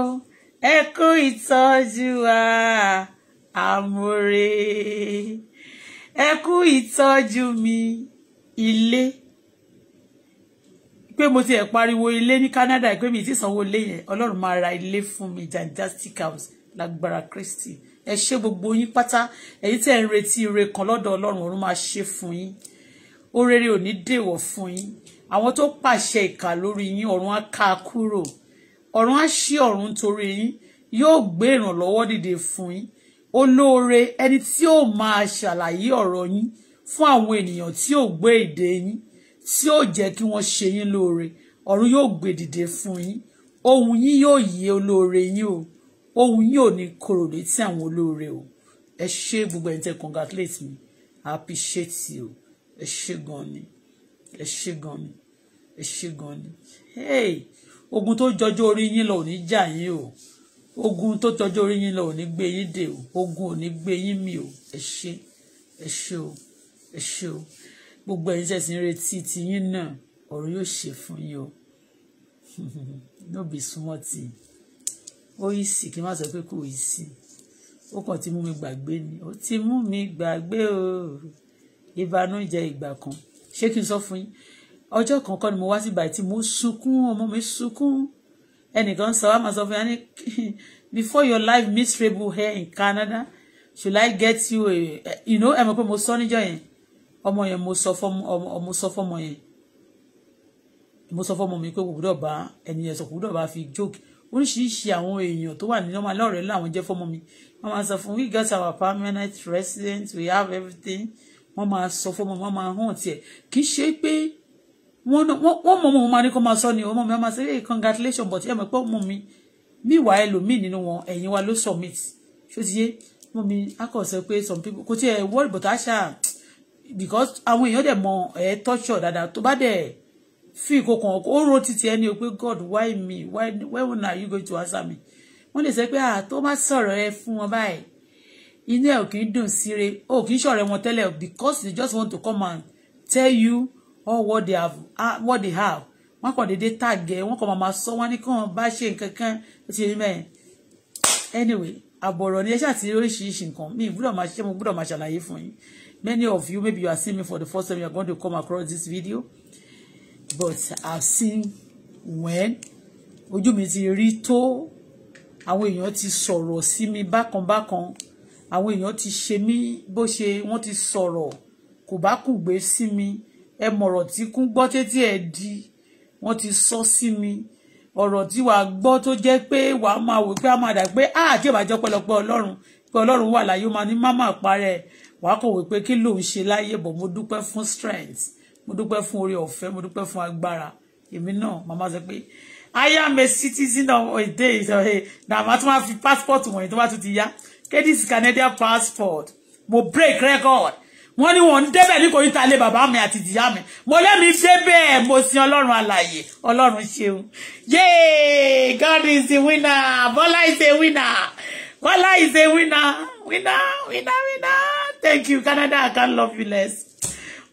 Eku kú ìtọ́jú wa amore ẹ kú mi ilé pé mo ti ẹ̀ pariwo ilé ní Canada pé mi ti sanwó ilé yẹn Ọlọ́run máa ra ilé fún mi fantastic house lágbára Kristi ẹ ṣe gbogbo yín pátá ẹ̀yin tẹ́ ń retí ire kan lọ́dọ̀ Ọlọ́run ọ̀run máa ṣe fún yín ó rere ò ní fún yín àwọn tó pàṣẹ ìkà lórí yín ọ̀run á ká a kúrò ọ̀run á ṣí ọ̀run torí yín yóò gbé ìrànlọ́wọ́ dìde fún yín olóore ẹni tí ó máa ṣàlàyé ọ̀rọ̀ yín fún àwọn ènìyàn tí ò gbé èdè yín tí ò jẹ́ kí wọ́n ṣe yín lóore ọ̀run yóò gbé dìde fún yín ohùn yín yóò yé olóore yín o ohun yóò ní korò létí àwọn olóore o ẹ ṣe gbogbo ẹni tẹ́ congratulate mi i appreciate you ẹ ṣe gan ni ẹ ṣe gan ni ẹ ṣe gan ni hey ogun tó jọjọ orí yín lọ ò ní jà yín o ogun tó tọjọ orí yín lọ ò ní gbé yín dè o ogun ò ní gbé yín mì o ẹ ṣe ẹ ṣe o ẹ ṣe o gbogbo ẹ̀yin tẹ́ sì ń retí tiyín náà ọ̀rọ̀ yóò ṣe fún yín o no be small thing ó yí sí kí n má sọ pé kò yí sí ó kàn ti mú mi gbàgbé ni ó ti mú mi gbàgbé o ìbànújẹ́ ìgbà kan ṣé kí n sọ fún yín ọjọ́ kan kọ́ ni mo wá sí báyìí tí mo sunkún ọmọ mi sunkún ẹnìkan sọ wá máa sọ fún yín before your life miserable here in Canada should I get you a you know ẹ mọ̀ pé mo sọ níjọ́ yẹn ọmọ yẹn mo sọ fọ́mọ yẹn mo sọ fọ́mọ mi pé kò gbúdọ̀ bá ẹni sọ kò gbúdọ̀ bá fi joke oríṣiríṣi àwọn èèyàn tó wà ní normal lọ́rẹ̀ làwọn jẹ́ fọ́mọ mi wọ́n máa sọ fún we got our permanent resident we have everything wọ́n máa sọ fọ́mọ wọ́n máa hàn tiẹ̀ kì í ṣe pé wọ́n mọ̀ mọ̀ máa ní kó máa sọ ni ọmọ mi wọ́n máa sọ hey congratulations but ẹ̀ mọ̀ pé ọmọ mi mi wà ẹlòmíì nínú wọn ẹ̀yìn wa ló submit ṣó ti yé ọmọ mi akọ̀sẹ̀ pé some people kò tiẹ̀ worry but àṣà because àwọn èèyàn dẹ̀ mọ ẹ̀ tọ́ṣọ̀ dáadáa tó bá dẹ̀ fi ìkókan ọkọ ó ro títí ẹni o pé God why me why when are you going to answer me wọ́n lè sọ pé à tó bá sọ̀rọ̀ ẹ fún wọn báyìí inú ẹ ò kì í dùn síre ó kì í ṣọ̀rẹ́ wọn tẹ́lẹ̀ because they just want to come and tell you all what they have uh, what they have wọ́n kàn déédé tàgẹ wọ́n kàn máa sọ wọ́n ní kàn bá ṣe nǹkan kan ó ti rí mẹ́rin anyway àbọ̀rọ̀ ni ẹ ṣàti oríṣiríṣi nǹkan mi gbọ́dọ̀ máa ṣe mo gbọ́dọ̀ máa ṣàlàyé fún yín many of you maybe you are seeing me for the first time you are going to come across this video but I've seen when ojú mi ti rí tó àwọn èèyàn ti sọ̀rọ̀ sí mi bákanbákan àwọn èèyàn ti ṣe mí bó ṣe wọ́n ti sọ̀rọ̀ kò bá kùgbé sí mi ẹ mọ̀rọ̀ tí kún gbọ́ tètè ẹ̀ di wọ́n ti sọ sí mi ọ̀rọ̀ tí wàá gbọ́ tó jẹ́ pé wàá máa wò pé a máa dà pé áà tí ìbàjẹ́ pẹlẹpẹ ọlọ́run pé ọlọ́run wà láyé ó máa ní má má parẹ́ wàá kọ̀wé pé kí ló ń ṣe láyé bọ̀ mo dúpẹ́ fún strength mo dúpẹ́ fún oore ọ̀fẹ́ mo dúpẹ́ fún agbára èmi náà màmá sọ pé I am a citizen of a day na màá tún máa fi passport wọ̀nyí tó bá tún ti yá kedis Canadian passport mo break record wọ́n ní wọ́n ń débẹ̀ ní kòríta ilé bàbá mi àti ìyá mi mo lẹ́mi débẹ̀ mo sin ọlọ́run alàyè ọlọ́run ṣeun yay God is the winner Bọ́lá is a winner Bọ́lá is a winner winner winner winner thank you Canada I can love you less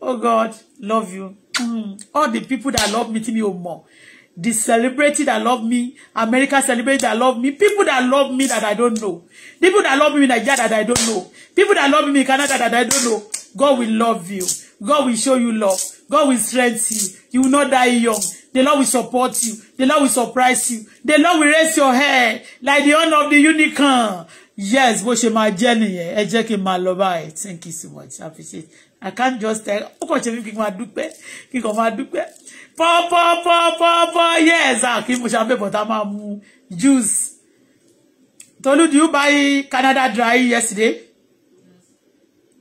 oh God love you mm. all the people that love meeting me tí mi the celebrity that love me America celebrity that love me people that love me that I don't know people that love me in Nigeria that I don't know people that love me in Canada that I don't know God will love you God will show you love God will strengthen you you will not die young the Lord will support you the Lord will surprise you the Lord will raise your hair like the horn of the unicorn yes bó ṣe máa jẹ́ nìyẹn ẹ jẹ́ kí n máa lọ thank you so much I appreciate it. I can't just tell ó kàn ṣe mí kí n máa dúpẹ́ kí n kàn máa dúpẹ́ pọ́pọ́pọ́pọ́pọ́ yes ah kí mo ṣàbẹ̀ bọ̀tá máa mu juice Tolu do you buy Canada Dry yesterday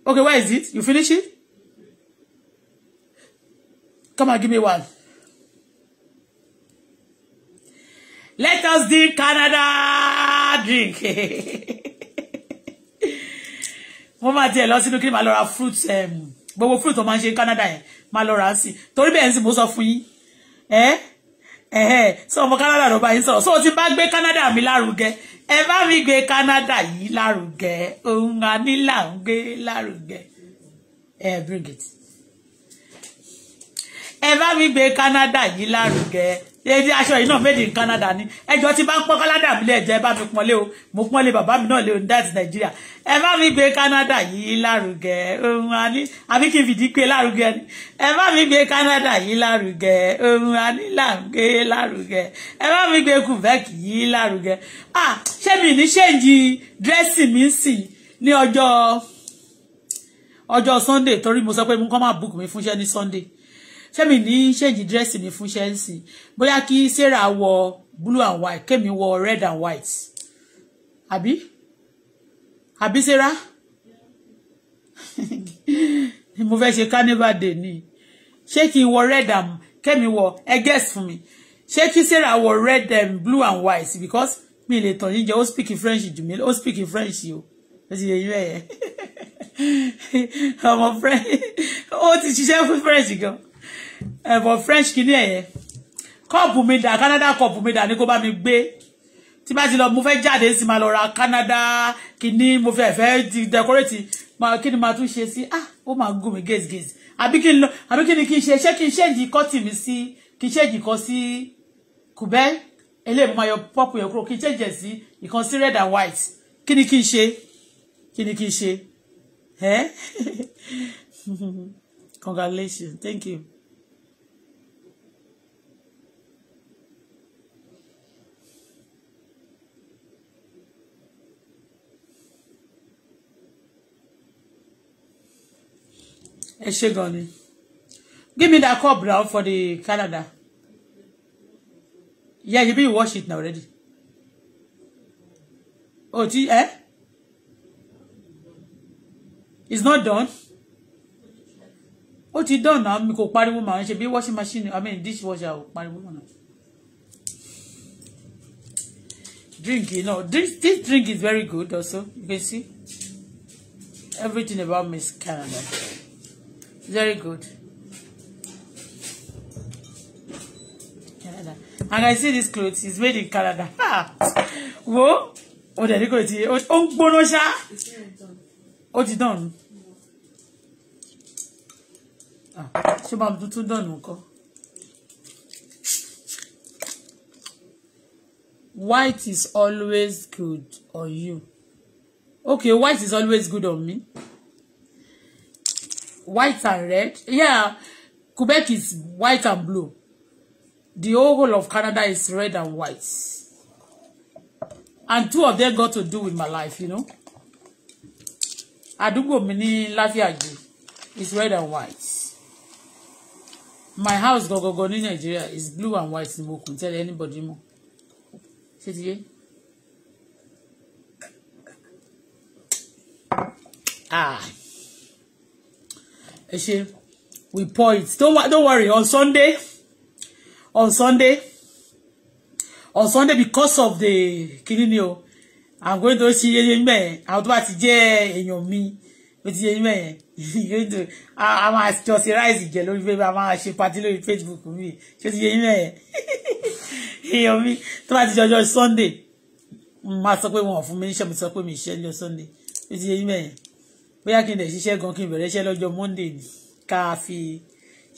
okay where is it you finish it come and give me one let us drink Canada drink. wọ́n máa tiẹ̀ lọ sínú kí ni máa lọ ra fruit gbogbo fruit tó máa ń Canada yẹn máa lọ ra sí torí bẹ́ẹ̀ ń sì mo sọ fún yín ẹ́ sọ ọmọ Canada ló bá yín sọ̀rọ̀ sọ ti bá gbé Canada mi lárugẹ ẹ bá mi gbé Canada yìí lárugẹ ohun anílà ń gbé lárugẹ ẹ bring it ẹ bá mi gbé Canada yìí lárugẹ èdè aṣọ yìí náà made in Canada ni ẹjọ́ tí bá ń pọ́n Canada mi lẹ́jọ́ ẹ bá mi pọ́nlé o mo pọ́nlé bàbá mi náà lé o ní dáàtì Nàìjíríà ẹ bá mi gbé Canada yìí lárugẹ ohun àní àbí kí n fìdí pé lárugẹ ni ẹ bá mi gbé Canada yìí lárugẹ ohun àní làǹgbé lárugẹ ẹ bá mi gbé Quebec yìí lárugẹ ah ṣé mi ní ṣéǹjì dírẹ́sì mi ń sìn ní ọjọ́ ọjọ́ Sunday torí mo sọ pé mo kọ́ máa book mi fúnṣẹ́ ní Sunday ṣé mi ní ṣéǹjì dírẹ́sì mi fún Chelsea bóyá kí Sarah wọ blue and white kémi wọ red and white àbí àbí Sarah mo fẹ́ ṣe carnival day ni ṣé kí n wọ red and kémi wọ ẹgẹ́s fún mi ṣé kí Sarah wọ red and blue and white because mi lè tàn yín jẹ ó speak French jù mí ó speak French o ó ti yẹ yín ẹ̀yẹ ọmọ French ó ti ṣiṣẹ́ fún French gan ẹ for french kìíní ẹ̀yẹ kọ́ọ̀pù mi dà canada kọ́ọ̀pù mi dà ní kó bá mi gbé tí bá ti lọ mo fẹ́ jáde sí máa lọ ra canada kìíní mo fẹ́ fẹ́ ti decorate máa kí ni máa tún ṣe sí ah ó ma gùn mí gaze gaze àbí kí ni àbí kí ni kí n ṣe ṣé kí n ṣèǹjì kọ́tì mi sí kí n ṣèǹjì kan sí kùbẹ́ eléyìí mo máa yọ pọ́pù yẹn kúrò kí n ṣèǹjì sí ìkan sí red and white kí ni kí n ṣe kí ni kí n ṣe ẹ́ congratulations thank you. ẹ ṣe give me that cup now for the Canada yeah you been wash it now already oh, ti eh it's not done ó ti done náà mi kò pariwo màá ṣe bí washing machine i mean dishwasher ò pariwo màá. drink you know this this drink is very good also you can see everything about Miss Canada very good Canada and I see this clothes is made in Canada ha wo o you ní kò tí ó ń gbóná ṣá ó ti dànù ah, ṣé do tuntun dànù nǹkan. white is always good on you okay white is always good on me white and red. Yeah, Quebec is white and blue. The whole of Canada is red and white. And two of them got to do with my life, you know. Àdúgbò mi ní Láfíàgì is red and white. My house gogogo in Nigeria is blue and white ni mo kùn tẹ́lẹ̀ anybody more. See ti Ah ẹ ṣe we pour it don't, don't worry on Sunday on Sunday on Sunday because of the kini ni o i'm going to ṣe yeye mẹ àwọn tó bá ti jẹ èèyàn mi ó ti yeye mẹ yóò do a máa jọ ṣe ráìsì jẹ lórí pé a máa ṣe pati lórí Facebook mi ṣé ó ti yeye mẹ èèyàn mi tó bá ti jọjọ Sunday máa sọ pé wọn ò fún mi níṣẹ́ mi sọ pé mi ìṣẹ́ ní Sunday ó ti yeye mẹ bóyá kí n lè ṣiṣẹ́ gan kí n bẹ̀rẹ̀ iṣẹ́ lọ́jọ́ monday ni ká fi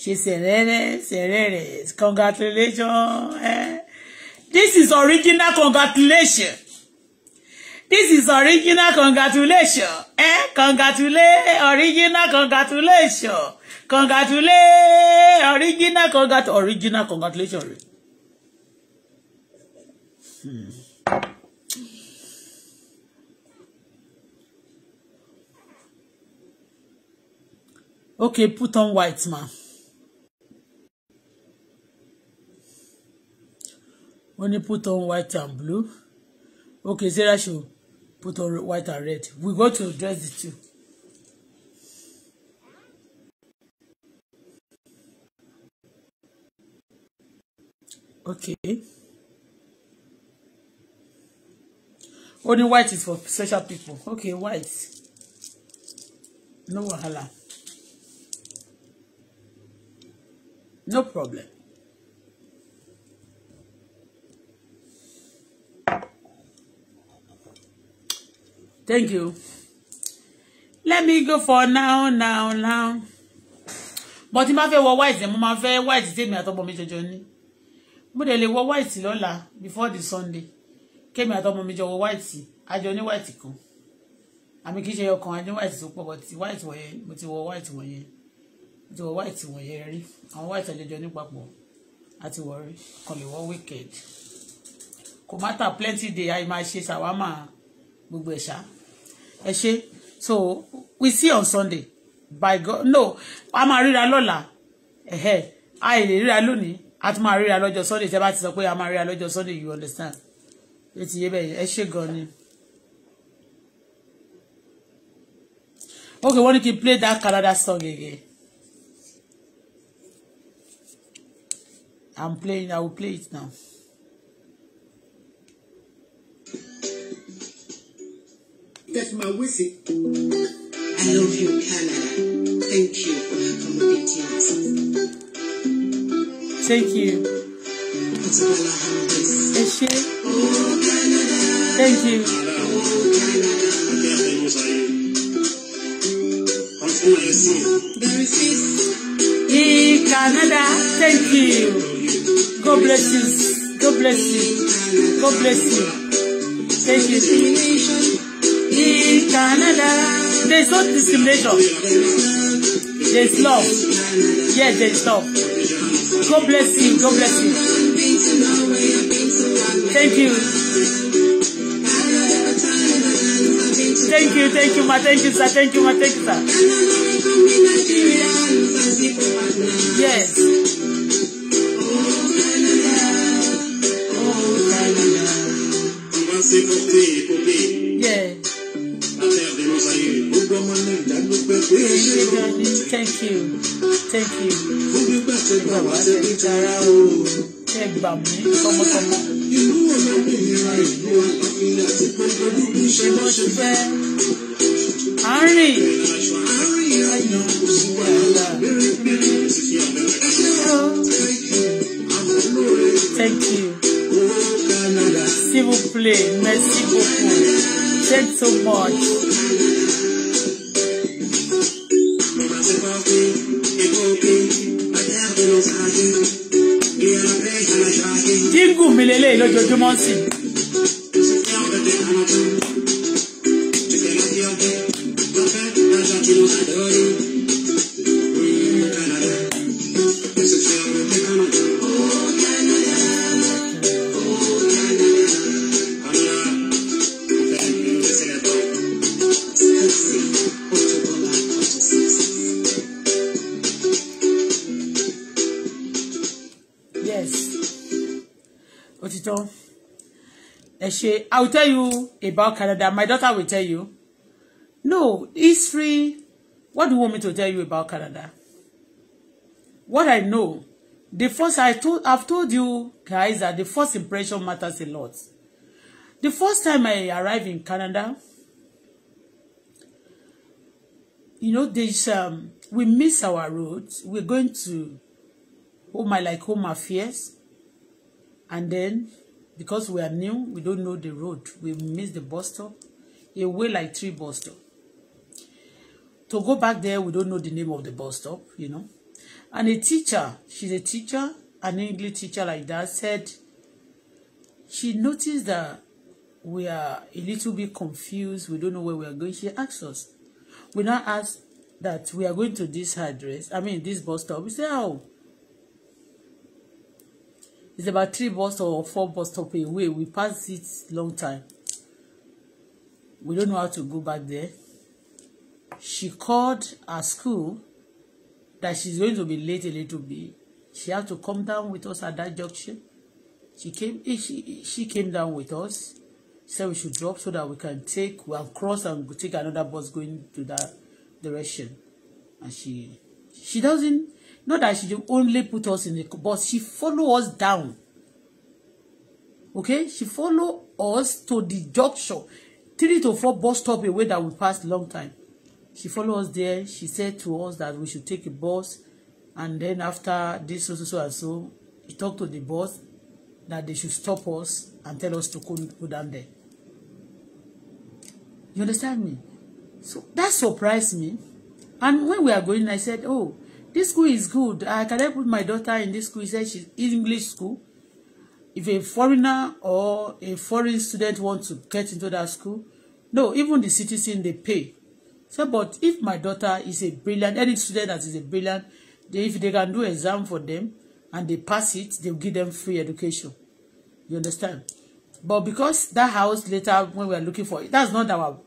ṣe sẹ̀rẹ̀rẹ̀ sẹ̀rẹ̀rẹ̀ congratulations eh? this is original congratulation this is original congratulation eh? congratulate original congratulation congratulate original congrat original congratulation Okay, put on white, ma. When you put on white and blue. Okay, Sarah should put on white and red. We go to dress the two. Okay. Only white is for special people. Okay, white. No wahala. No problem. Thank you. Let me go for now, now, now. But tí n bá fẹ́ wọ white, mo máa fẹ́ white tèmi àtọmọ mi jọjọ ni. Mo dẹ̀ lè wọ white lọ́la before the Sunday. came, at Kémi àtọmọ mi jọ wọ white, àjọ ní white kan. Àmì kìí ṣe ọkàn àjọ white tó pọ̀, but white wọ̀nyẹn, mo ti wọ white wọ̀nyẹn ti wọ white wọ̀nyẹn rí àwọn white àjọjọ nípapọ̀ àti wọ̀ rí kan lè wọ́ wicked kò má ta plenty day àyè máa ṣe ṣàwámà gbogbo ẹ̀ṣá ẹ ṣe so we see on Sunday by God no a máa ríra lọ́la ẹ̀hẹ́ a lè ríra lónìí a tún máa ríra lọ́jọ́ Sunday tẹ́ bá ti sọ pé a máa ríra lọ́jọ́ Sunday you understand ẹ ti yé bẹ́ẹ̀ ẹ ṣe gan ni. Okay, why don't you play that Canada song again? I'm playing, I will play it now. That's my whistle. I love you, Canada. Thank you for accommodating us. Thank you. Thank you. Thank you. Canada. Thank you. God bless you. God bless you. God bless you. Thank you. In Canada, there's no discrimination. There's love. Yeah, there's love. God bless you. God bless you. Thank you. Thank you, thank you, ma. Thank you, sir. Thank you, ma. Thank you, sir. gbà wá síbi tara o. ẹ gbà mí tọmọtọmọ. ìlú olómìnira ìlú akọni àti gbogbo olúmi ṣe bó ṣe fẹ́. a ń rìn. kò sí wàhálà. Thank you. S'il vous plaît, merci beaucoup. Thanks so much. I will tell you about Canada. My daughter will tell you. No, history. What do you want me to tell you about Canada? What I know, the first I told, I've told you guys that the first impression matters a lot. The first time I arrived in Canada, you know, this um, we miss our roads. We're going to Home I Like Home Affairs, and then because we are new we don't know the road we miss the bus stop a way like three bus stop to go back there we don't know the name of the bus stop you know and a teacher she's a teacher an English teacher like that said she noticed that we are a little bit confused we don't know where we are going she asked us we now asked that we are going to this address I mean this bus stop we say oh it's about three bus or four bus stop away we pass it long time we don't know how to go back there she called her school that she's going to be late a little bit she had to come down with us at that junction she came eh, she she came down with us said we should drop so that we can take we'll cross and take another bus going to that direction and she she doesn't Not that she only put us in the but she follow us down. Okay? She follow us to the junction. Three to four bus stop away that we passed long time. She follow us there. She said to us that we should take a bus. And then after this, so, so, so, and so, he talked to the bus that they should stop us and tell us to go, go down there. You understand me? So that surprised me. And when we are going, I said, oh, this school is good I can help put my daughter in this school she said she's English school if a foreigner or a foreign student want to get into that school no even the citizen they pay so but if my daughter is a brilliant any student that is a brilliant they, if they can do exam for them and they pass it they'll give them free education you understand but because that house later when we are looking for it that's not our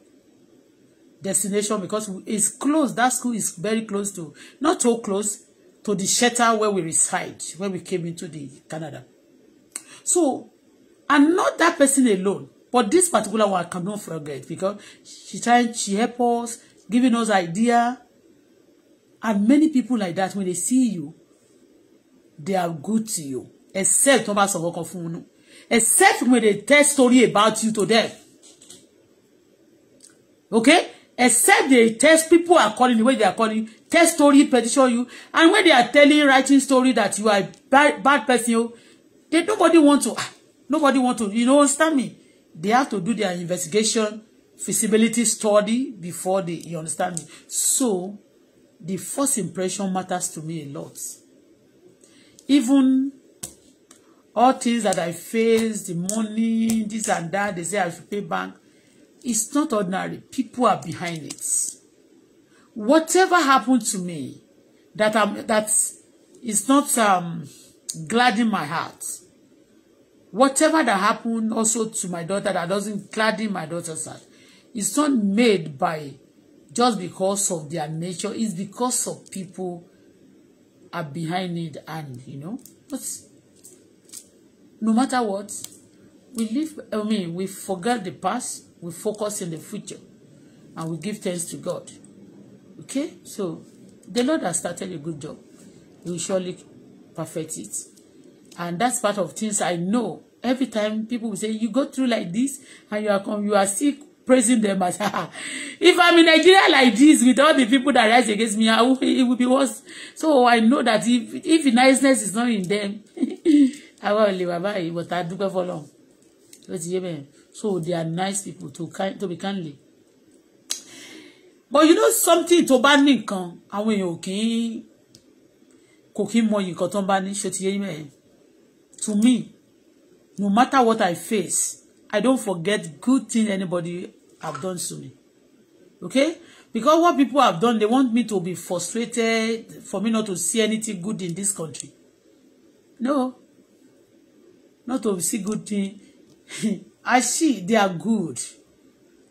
destination because it's close. That school is very close to, not so close, to the shelter where we reside, when we came into the Canada. So, and not that person alone, but this particular one I cannot forget because she tried, she helped us, giving us idea. And many people like that, when they see you, they are good to you. Except Thomas Okofunu. Except when they tell story about you to them. Okay? except they test people are calling the way they are calling test story petition you and when they are telling writing story that you are bad, bad person oh, they nobody want to ah, nobody want to you know understand me they have to do their investigation feasibility study before they you understand me so the first impression matters to me a lot even all things that I face the money this and that they say I should pay back It's not ordinary. People are behind it. Whatever happened to me that I'm that is not um gladding my heart. Whatever that happened also to my daughter that doesn't gladden my daughter's heart. It's not made by just because of their nature. It's because of people are behind it and you know but no matter what we live I mean we forget the past we focus in the future and we give thanks to God okay so the Lord has started a good job he will surely perfect it and that's part of things I know every time people will say you go through like this and you are come you are still praising them as if I'm in Nigeria like this with all the people that rise against me I will, it will be worse so I know that if if niceness is not in them àwa will lè wà báyìí but a dúpẹ́ fọlọ́run ló ti yé bẹ́ẹ̀. So they are nice people to kind to be kindly. But you know something to bá ní nǹkan àwọn èèyàn ò kì í kò kí mọ nǹkan tó ń ti yé To me, no matter what I face, I don't forget good thing anybody have done to me. Okay? Because what people have done, they want me to be frustrated, for me not to see anything good in this country. No. Not to see good thing. I see they are good.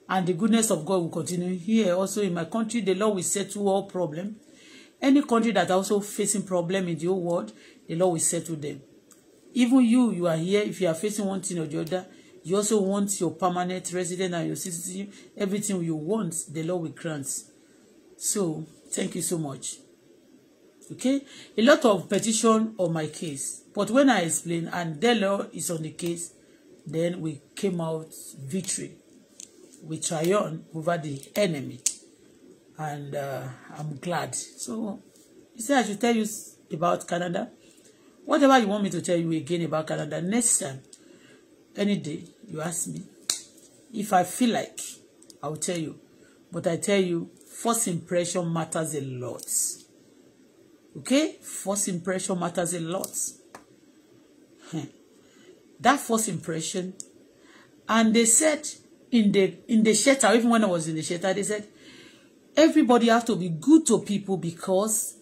And the goodness of God will continue here. Also in my country, the Lord will settle all problems. Any country that are also facing problem in the whole world, the Lord will settle them. Even you, you are here, if you are facing one thing or the other, you also want your permanent resident and your citizenship, everything you want, the Lord will grant. So, thank you so much. Okay? A lot of petition on my case. But when I explain, and the Lord is on the case, Then we came out victory. We triumphed over the enemy. And uh, I'm glad. So, you said I should tell you about Canada. Whatever you want me to tell you again about Canada, next time, any day, you ask me. If I feel like, I will tell you. But I tell you, first impression matters a lot. Okay? First impression matters a lot that first impression. And they said in the in the shelter, even when I was in the shelter, they said everybody have to be good to people because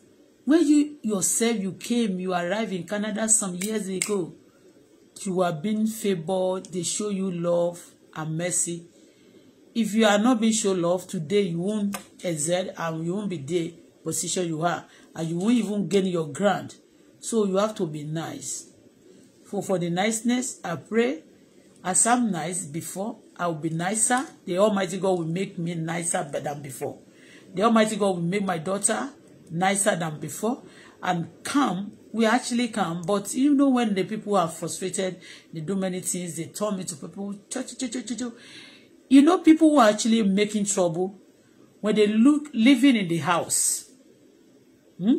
when you yourself you came, you arrived in Canada some years ago, you are being favored, they show you love and mercy. If you are not being shown love today, you won't exert and you won't be the position you are, and you won't even gain your grant. So you have to be nice for, for the niceness. I pray as I'm nice before, I will be nicer. The Almighty God will make me nicer than before. The Almighty God will make my daughter nicer than before and come, We actually come. but you know when the people are frustrated, they do many things, they turn me to people. You know, people who are actually making trouble when they look living in the house. Hmm?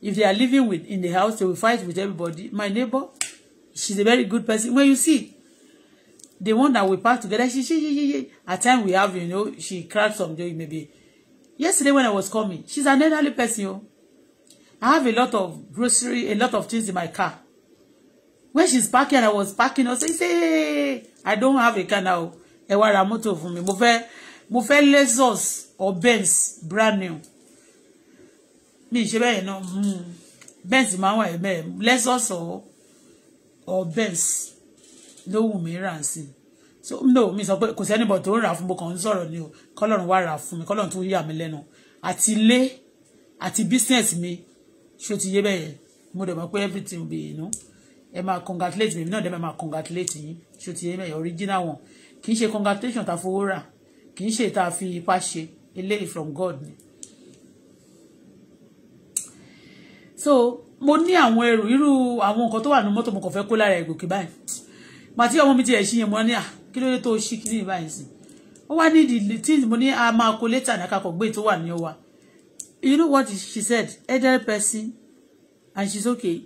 If they are living with in the house, they will fight with everybody. My neighbor, she's a very good person when you see the one that we pack together she she she she at time we have you know she cried some joy maybe yesterday when I was coming she's an elderly person o I have a lot of grocery a lot of things in my car when she's parking, I was parking. I say say I don't have a car now A wá ra mọ́tò fún mi mo fẹ́ mo fẹ́ Lexus or Benz brand new Me she ṣe know náà hmm. Benz máa wà ẹ̀ eh, bẹ́ẹ̀ Lexus or or benz ló wù mí rà sí so no mi sọ pé kò sẹ́ni bọ̀ tó ń rà fún mo kàn ń sọ̀rọ̀ ni o kọ́lọ́run wá rà fún mi kọ́lọ́run tún yà mí lẹ́nu àti ilé àti business mi ṣó ti yé bẹ́yẹn mo dẹ̀ mọ̀ pé everything be you know ẹ máa congratulate mi náà dẹ̀ máa congratulate yín ṣó ti yé bẹ́yẹn original one kì í ṣe congratulation ta fowó rà kì í ṣe ta fi ipá ṣe eléyìí from God ni so mo ní àwọn ẹrù irú àwọn nǹkan tó wà ní mọ́tò mo kàn fẹ́ kó lára ìgòkè báyìí màtí ọmọ mi ti ẹ̀ ṣí yẹn mo ní à kí ló dé tó ṣí kí ní ìbáyìí sí ó wá ní ìdílé tí mo ní a máa kó létà ní akakọ̀ gbé tó wà ní ọwà you know what she said elderly person and she's okay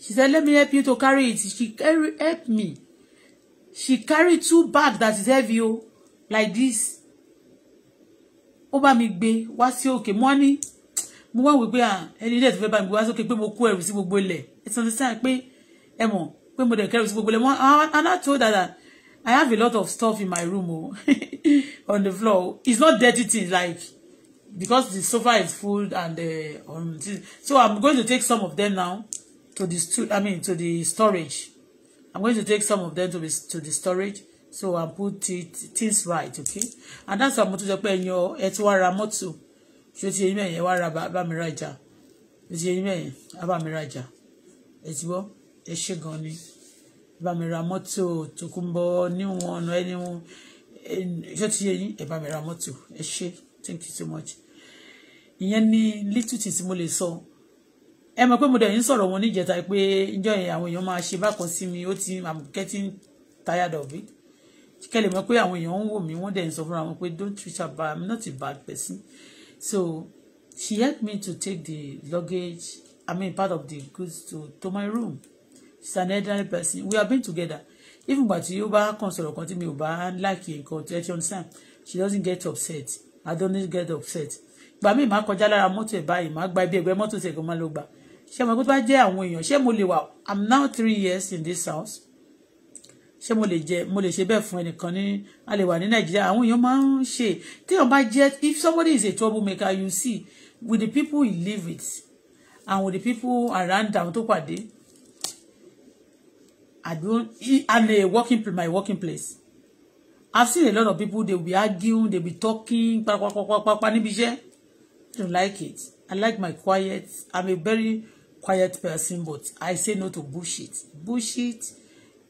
she said let me help you to carry it she carry help me she carry two bags that is heavy Oh, like this ó bá mi gbé wá sí òkè mo ní mo wá wí ah, ẹni ilé ìtúfẹ́ bá mi wá sókè pé mo kó ẹrù sí gbogbo ilẹ̀ it's understand pé ẹ mọ̀ pé mo dẹ̀ kẹrù sí gbogbo ilẹ̀ wọn ah, and I told that I have a lot of stuff in my room o oh, on the floor oh. it's not dirty things like because the sofa is full and uh, um, so I'm going to take some of them now to the stu I mean to the storage I'm going to take some of them to the to the storage so I put things right okay and that's why mo tún sọ pé ẹ̀yin ẹ̀ tí wàá ra mọ́tò ṣé ti eyín mẹ́yìn wá ra bá mi rajà ṣé ti eyín mẹ́yìn á bá mi rajà ẹ ti gbọ́ ẹ ṣe gan ni bá mi ra mọ́tò tó níwọ̀n ọ̀nà ẹni wọn ṣé ti eyín ẹ bá mi ra mọ́tò ẹ ṣe thank you so much ìyẹn ni little things mo lè sọ ẹ mọ̀ pé mo dẹ̀ ń sọ̀rọ̀ wọn níjẹta pé ìjọ yẹn àwọn èèyàn máa ṣe bákan sí mi ó ti i'm getting tired of it kẹlẹ̀ mọ̀ pé àwọn èèyàn ń wò mí wọ́n dẹ̀ ń sọ fúnra wọn pé don't treat her bad i'm not a bad person So she helped me to take the luggage, I mean part of the goods to, to my room. She's an elderly person. We have been together. Even but you ba console, sọ̀rọ̀ kan tí mi like you tí ẹ ti understand. She doesn't get upset. I don't need get upset. But me, my kọjá lára mọ́tò ẹ̀ báyìí, baby gba ibi ẹ̀gbẹ́ mọ́tò ṣe kó máa lọ gbà. Ṣé ọmọ ẹgbẹ́ tó bá jẹ́ àwọn èèyàn, I'm now three years in this house ṣé mo lè jẹ mo lè ṣe bẹ́ẹ̀ fún ẹnìkan ní a lè wà ní nàìjíríà àwọn èèyàn máa ń ṣe téèyàn bá jẹ if somebody is a troublemaker you see with the people he live with and with the people around àwọn tó pàdé i don and a working my working place i've seen a lot of people they be arguing they be talking papapapapa níbi iṣẹ́ i don't like it i like my quiet i'm a very quiet person but i say no to bullshit bullshit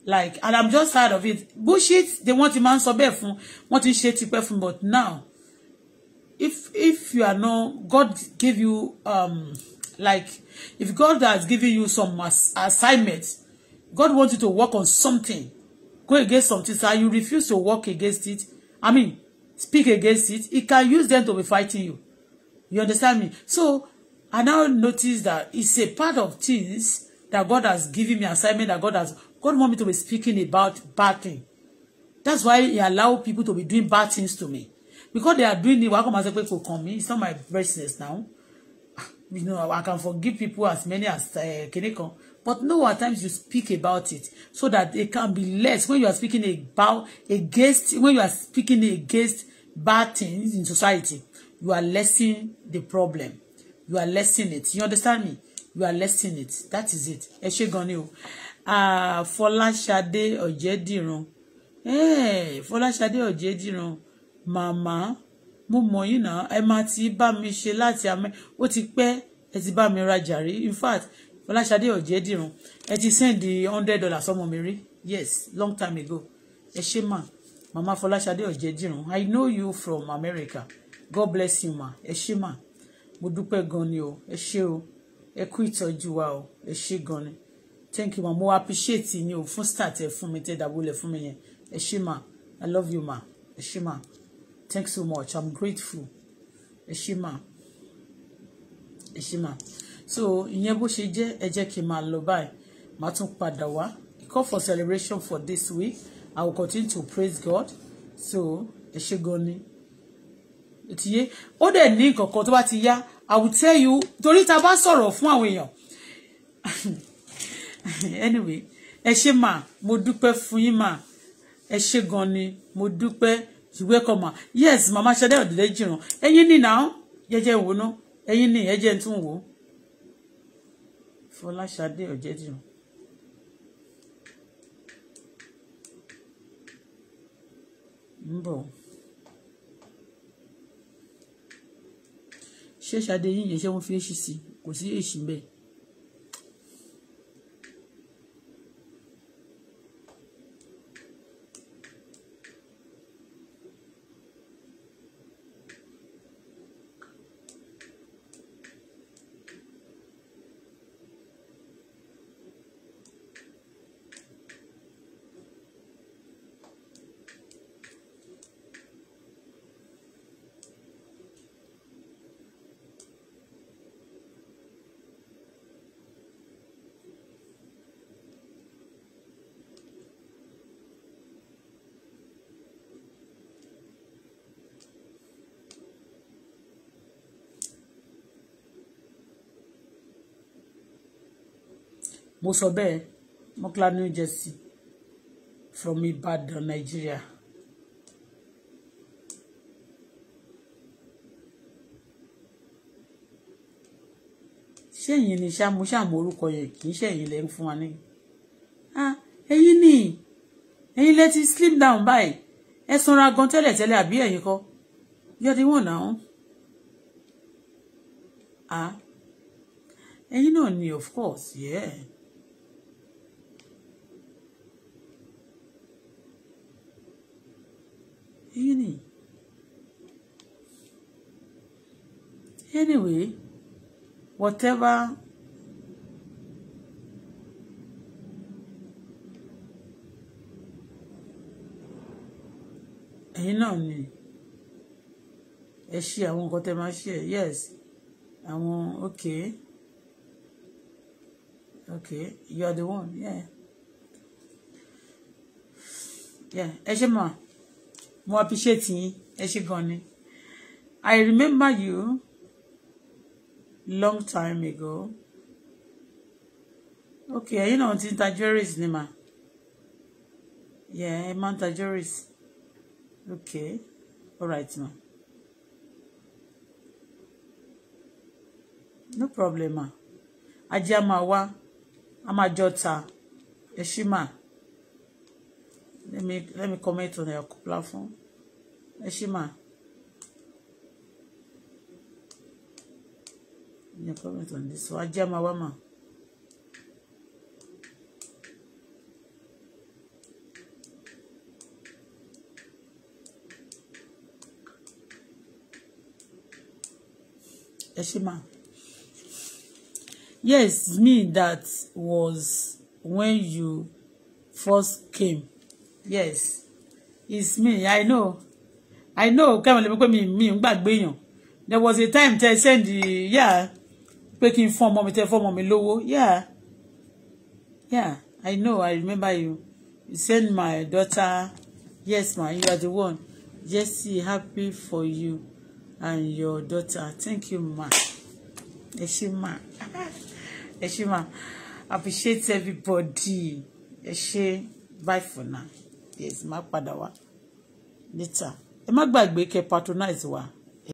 like and i'm just tired of it bullshit they want him máa ń sọ want fún wọ́n ti ń but now if if you are not god gave you um like if god has given you some as assignment god wants you to work on something go against something so you refuse to work against it i mean speak against it he can use them to be fighting you you understand me so i now notice that it's a part of things that god has given me assignment that god has God want me to be speaking about bad thing. That's why he allow people to be doing bad things to me. Because they are doing the wá kàn máa sọ pé kò It's not my business now. Ah, you know, I can forgive people as many as uh, eh, kìnì kan. But no, at times you speak about it so that it can be less when you are speaking about against when you are speaking against bad things in society. You are lessening the problem. You are lessening it. You understand me? You are lessening it. That is it. Ẹ ṣé o. Ah, Fọláṣadé Ọ̀jẹ̀dìran eh, Fọláṣadé Ọ̀jẹ̀dìran màmá mo mọ̀ yín náà ẹ máa ti bá mi ṣe láti amẹ́ ó ti pẹ́ ẹ ti bá mi rajà rí in fact Fọláṣadé Ọ̀jẹ̀dìran ẹ ti send hundred dollars ọmọ mi rí yes long time ago ẹ ṣé mà màmá Fọláṣadé Ọ̀jẹ̀dìran I know you from America God bless you ma ẹ ṣé mà mo dúpẹ́ gan ni o ẹ ṣé o ẹ kú ìtọ́jú wa o ẹ ṣé gan ni thank you ma mo appreciate yín o fún start ẹ fún mi tẹ dàbọlẹ fún mi yẹn ẹ ṣé ma i love you ma ẹ ṣé ma thank you so much i'm grateful ẹ ṣé ma ẹ ṣé ma so ìyẹn bó ṣe jẹ́ ẹ jẹ́ kí n máa lọ báyìí màá tún padà call for celebration for this week i will continue to praise god so ẹ ṣé gan ni ó ti yé ó dẹ̀ ní nǹkan kan tó bá ti ya. i will tell you torí ta bá sọ̀rọ̀ fún àwọn èèyàn anyway ẹ ṣé mà mo dúpẹ́ fún yín mà ẹ ṣé gan ni mo dúpẹ́ you welcome ma yes mama ṣẹdẹ ọdẹdẹ jìràn ẹ̀yin ni now jẹjẹ wo ná ẹ̀yin ni ẹjẹ ń tún wò Fọláṣadé Ọ̀jẹ̀dìran. ń bọ̀ ṣé ṣadé yín yẹn ṣé wọ́n fi èsì sí kò sí èsì bẹ́ẹ̀. mo sọ bẹ́ẹ̀ mọ́kílá New Jersey from Ibadan Nigeria. ṣéyìn ni ṣá mo ṣàmú orúkọ yẹn kì í ṣéyìn lẹ fún wa ní. ẹ̀yin ni ẹ̀yin lẹ ti slim down báyìí ẹ sanra gan tẹ́lẹ̀tẹ́lẹ̀ àbí ẹ̀yin kọ́ yọdí wọn náà ẹ̀yin náà ni of course yeah. Uni. Anyway, whatever ẹ̀yin náà ni ẹ ṣe àwọn nǹkan tẹ́ máa ṣe yes àwọn okay okay you are the one yeah yeah ẹ ṣe máa mo appreciate yín ẹ ṣé gan ni I remember you long time ago okay ẹ̀yin náà ti ń ta jewelries ni mà yeah ẹ máa ń ta jewelries okay alright ma no problem ma ajé a máa wá a máa jọ ta ẹ ṣí máa. Let me let me comment on your platform. Eshima. me comment on this. Wajama Wama. Eshima. Yes, me that was when you first came yes it's me i know i know kẹ́wọ̀n lè mú pé mi mi ń gbàgbé yàn there was a time tẹ send the yeah pé kí n fún ọmọ mi tẹ fún ọmọ mi lówó yeah yeah i know i remember you you send my daughter yes ma you are the one jessie happy for you and your daughter thank you ma ẹ ṣé ma ẹ ṣé ma appreciate everybody ẹ ṣé bye for now yes má padà wá later ẹ má gbàgbé kẹ́ patronize wa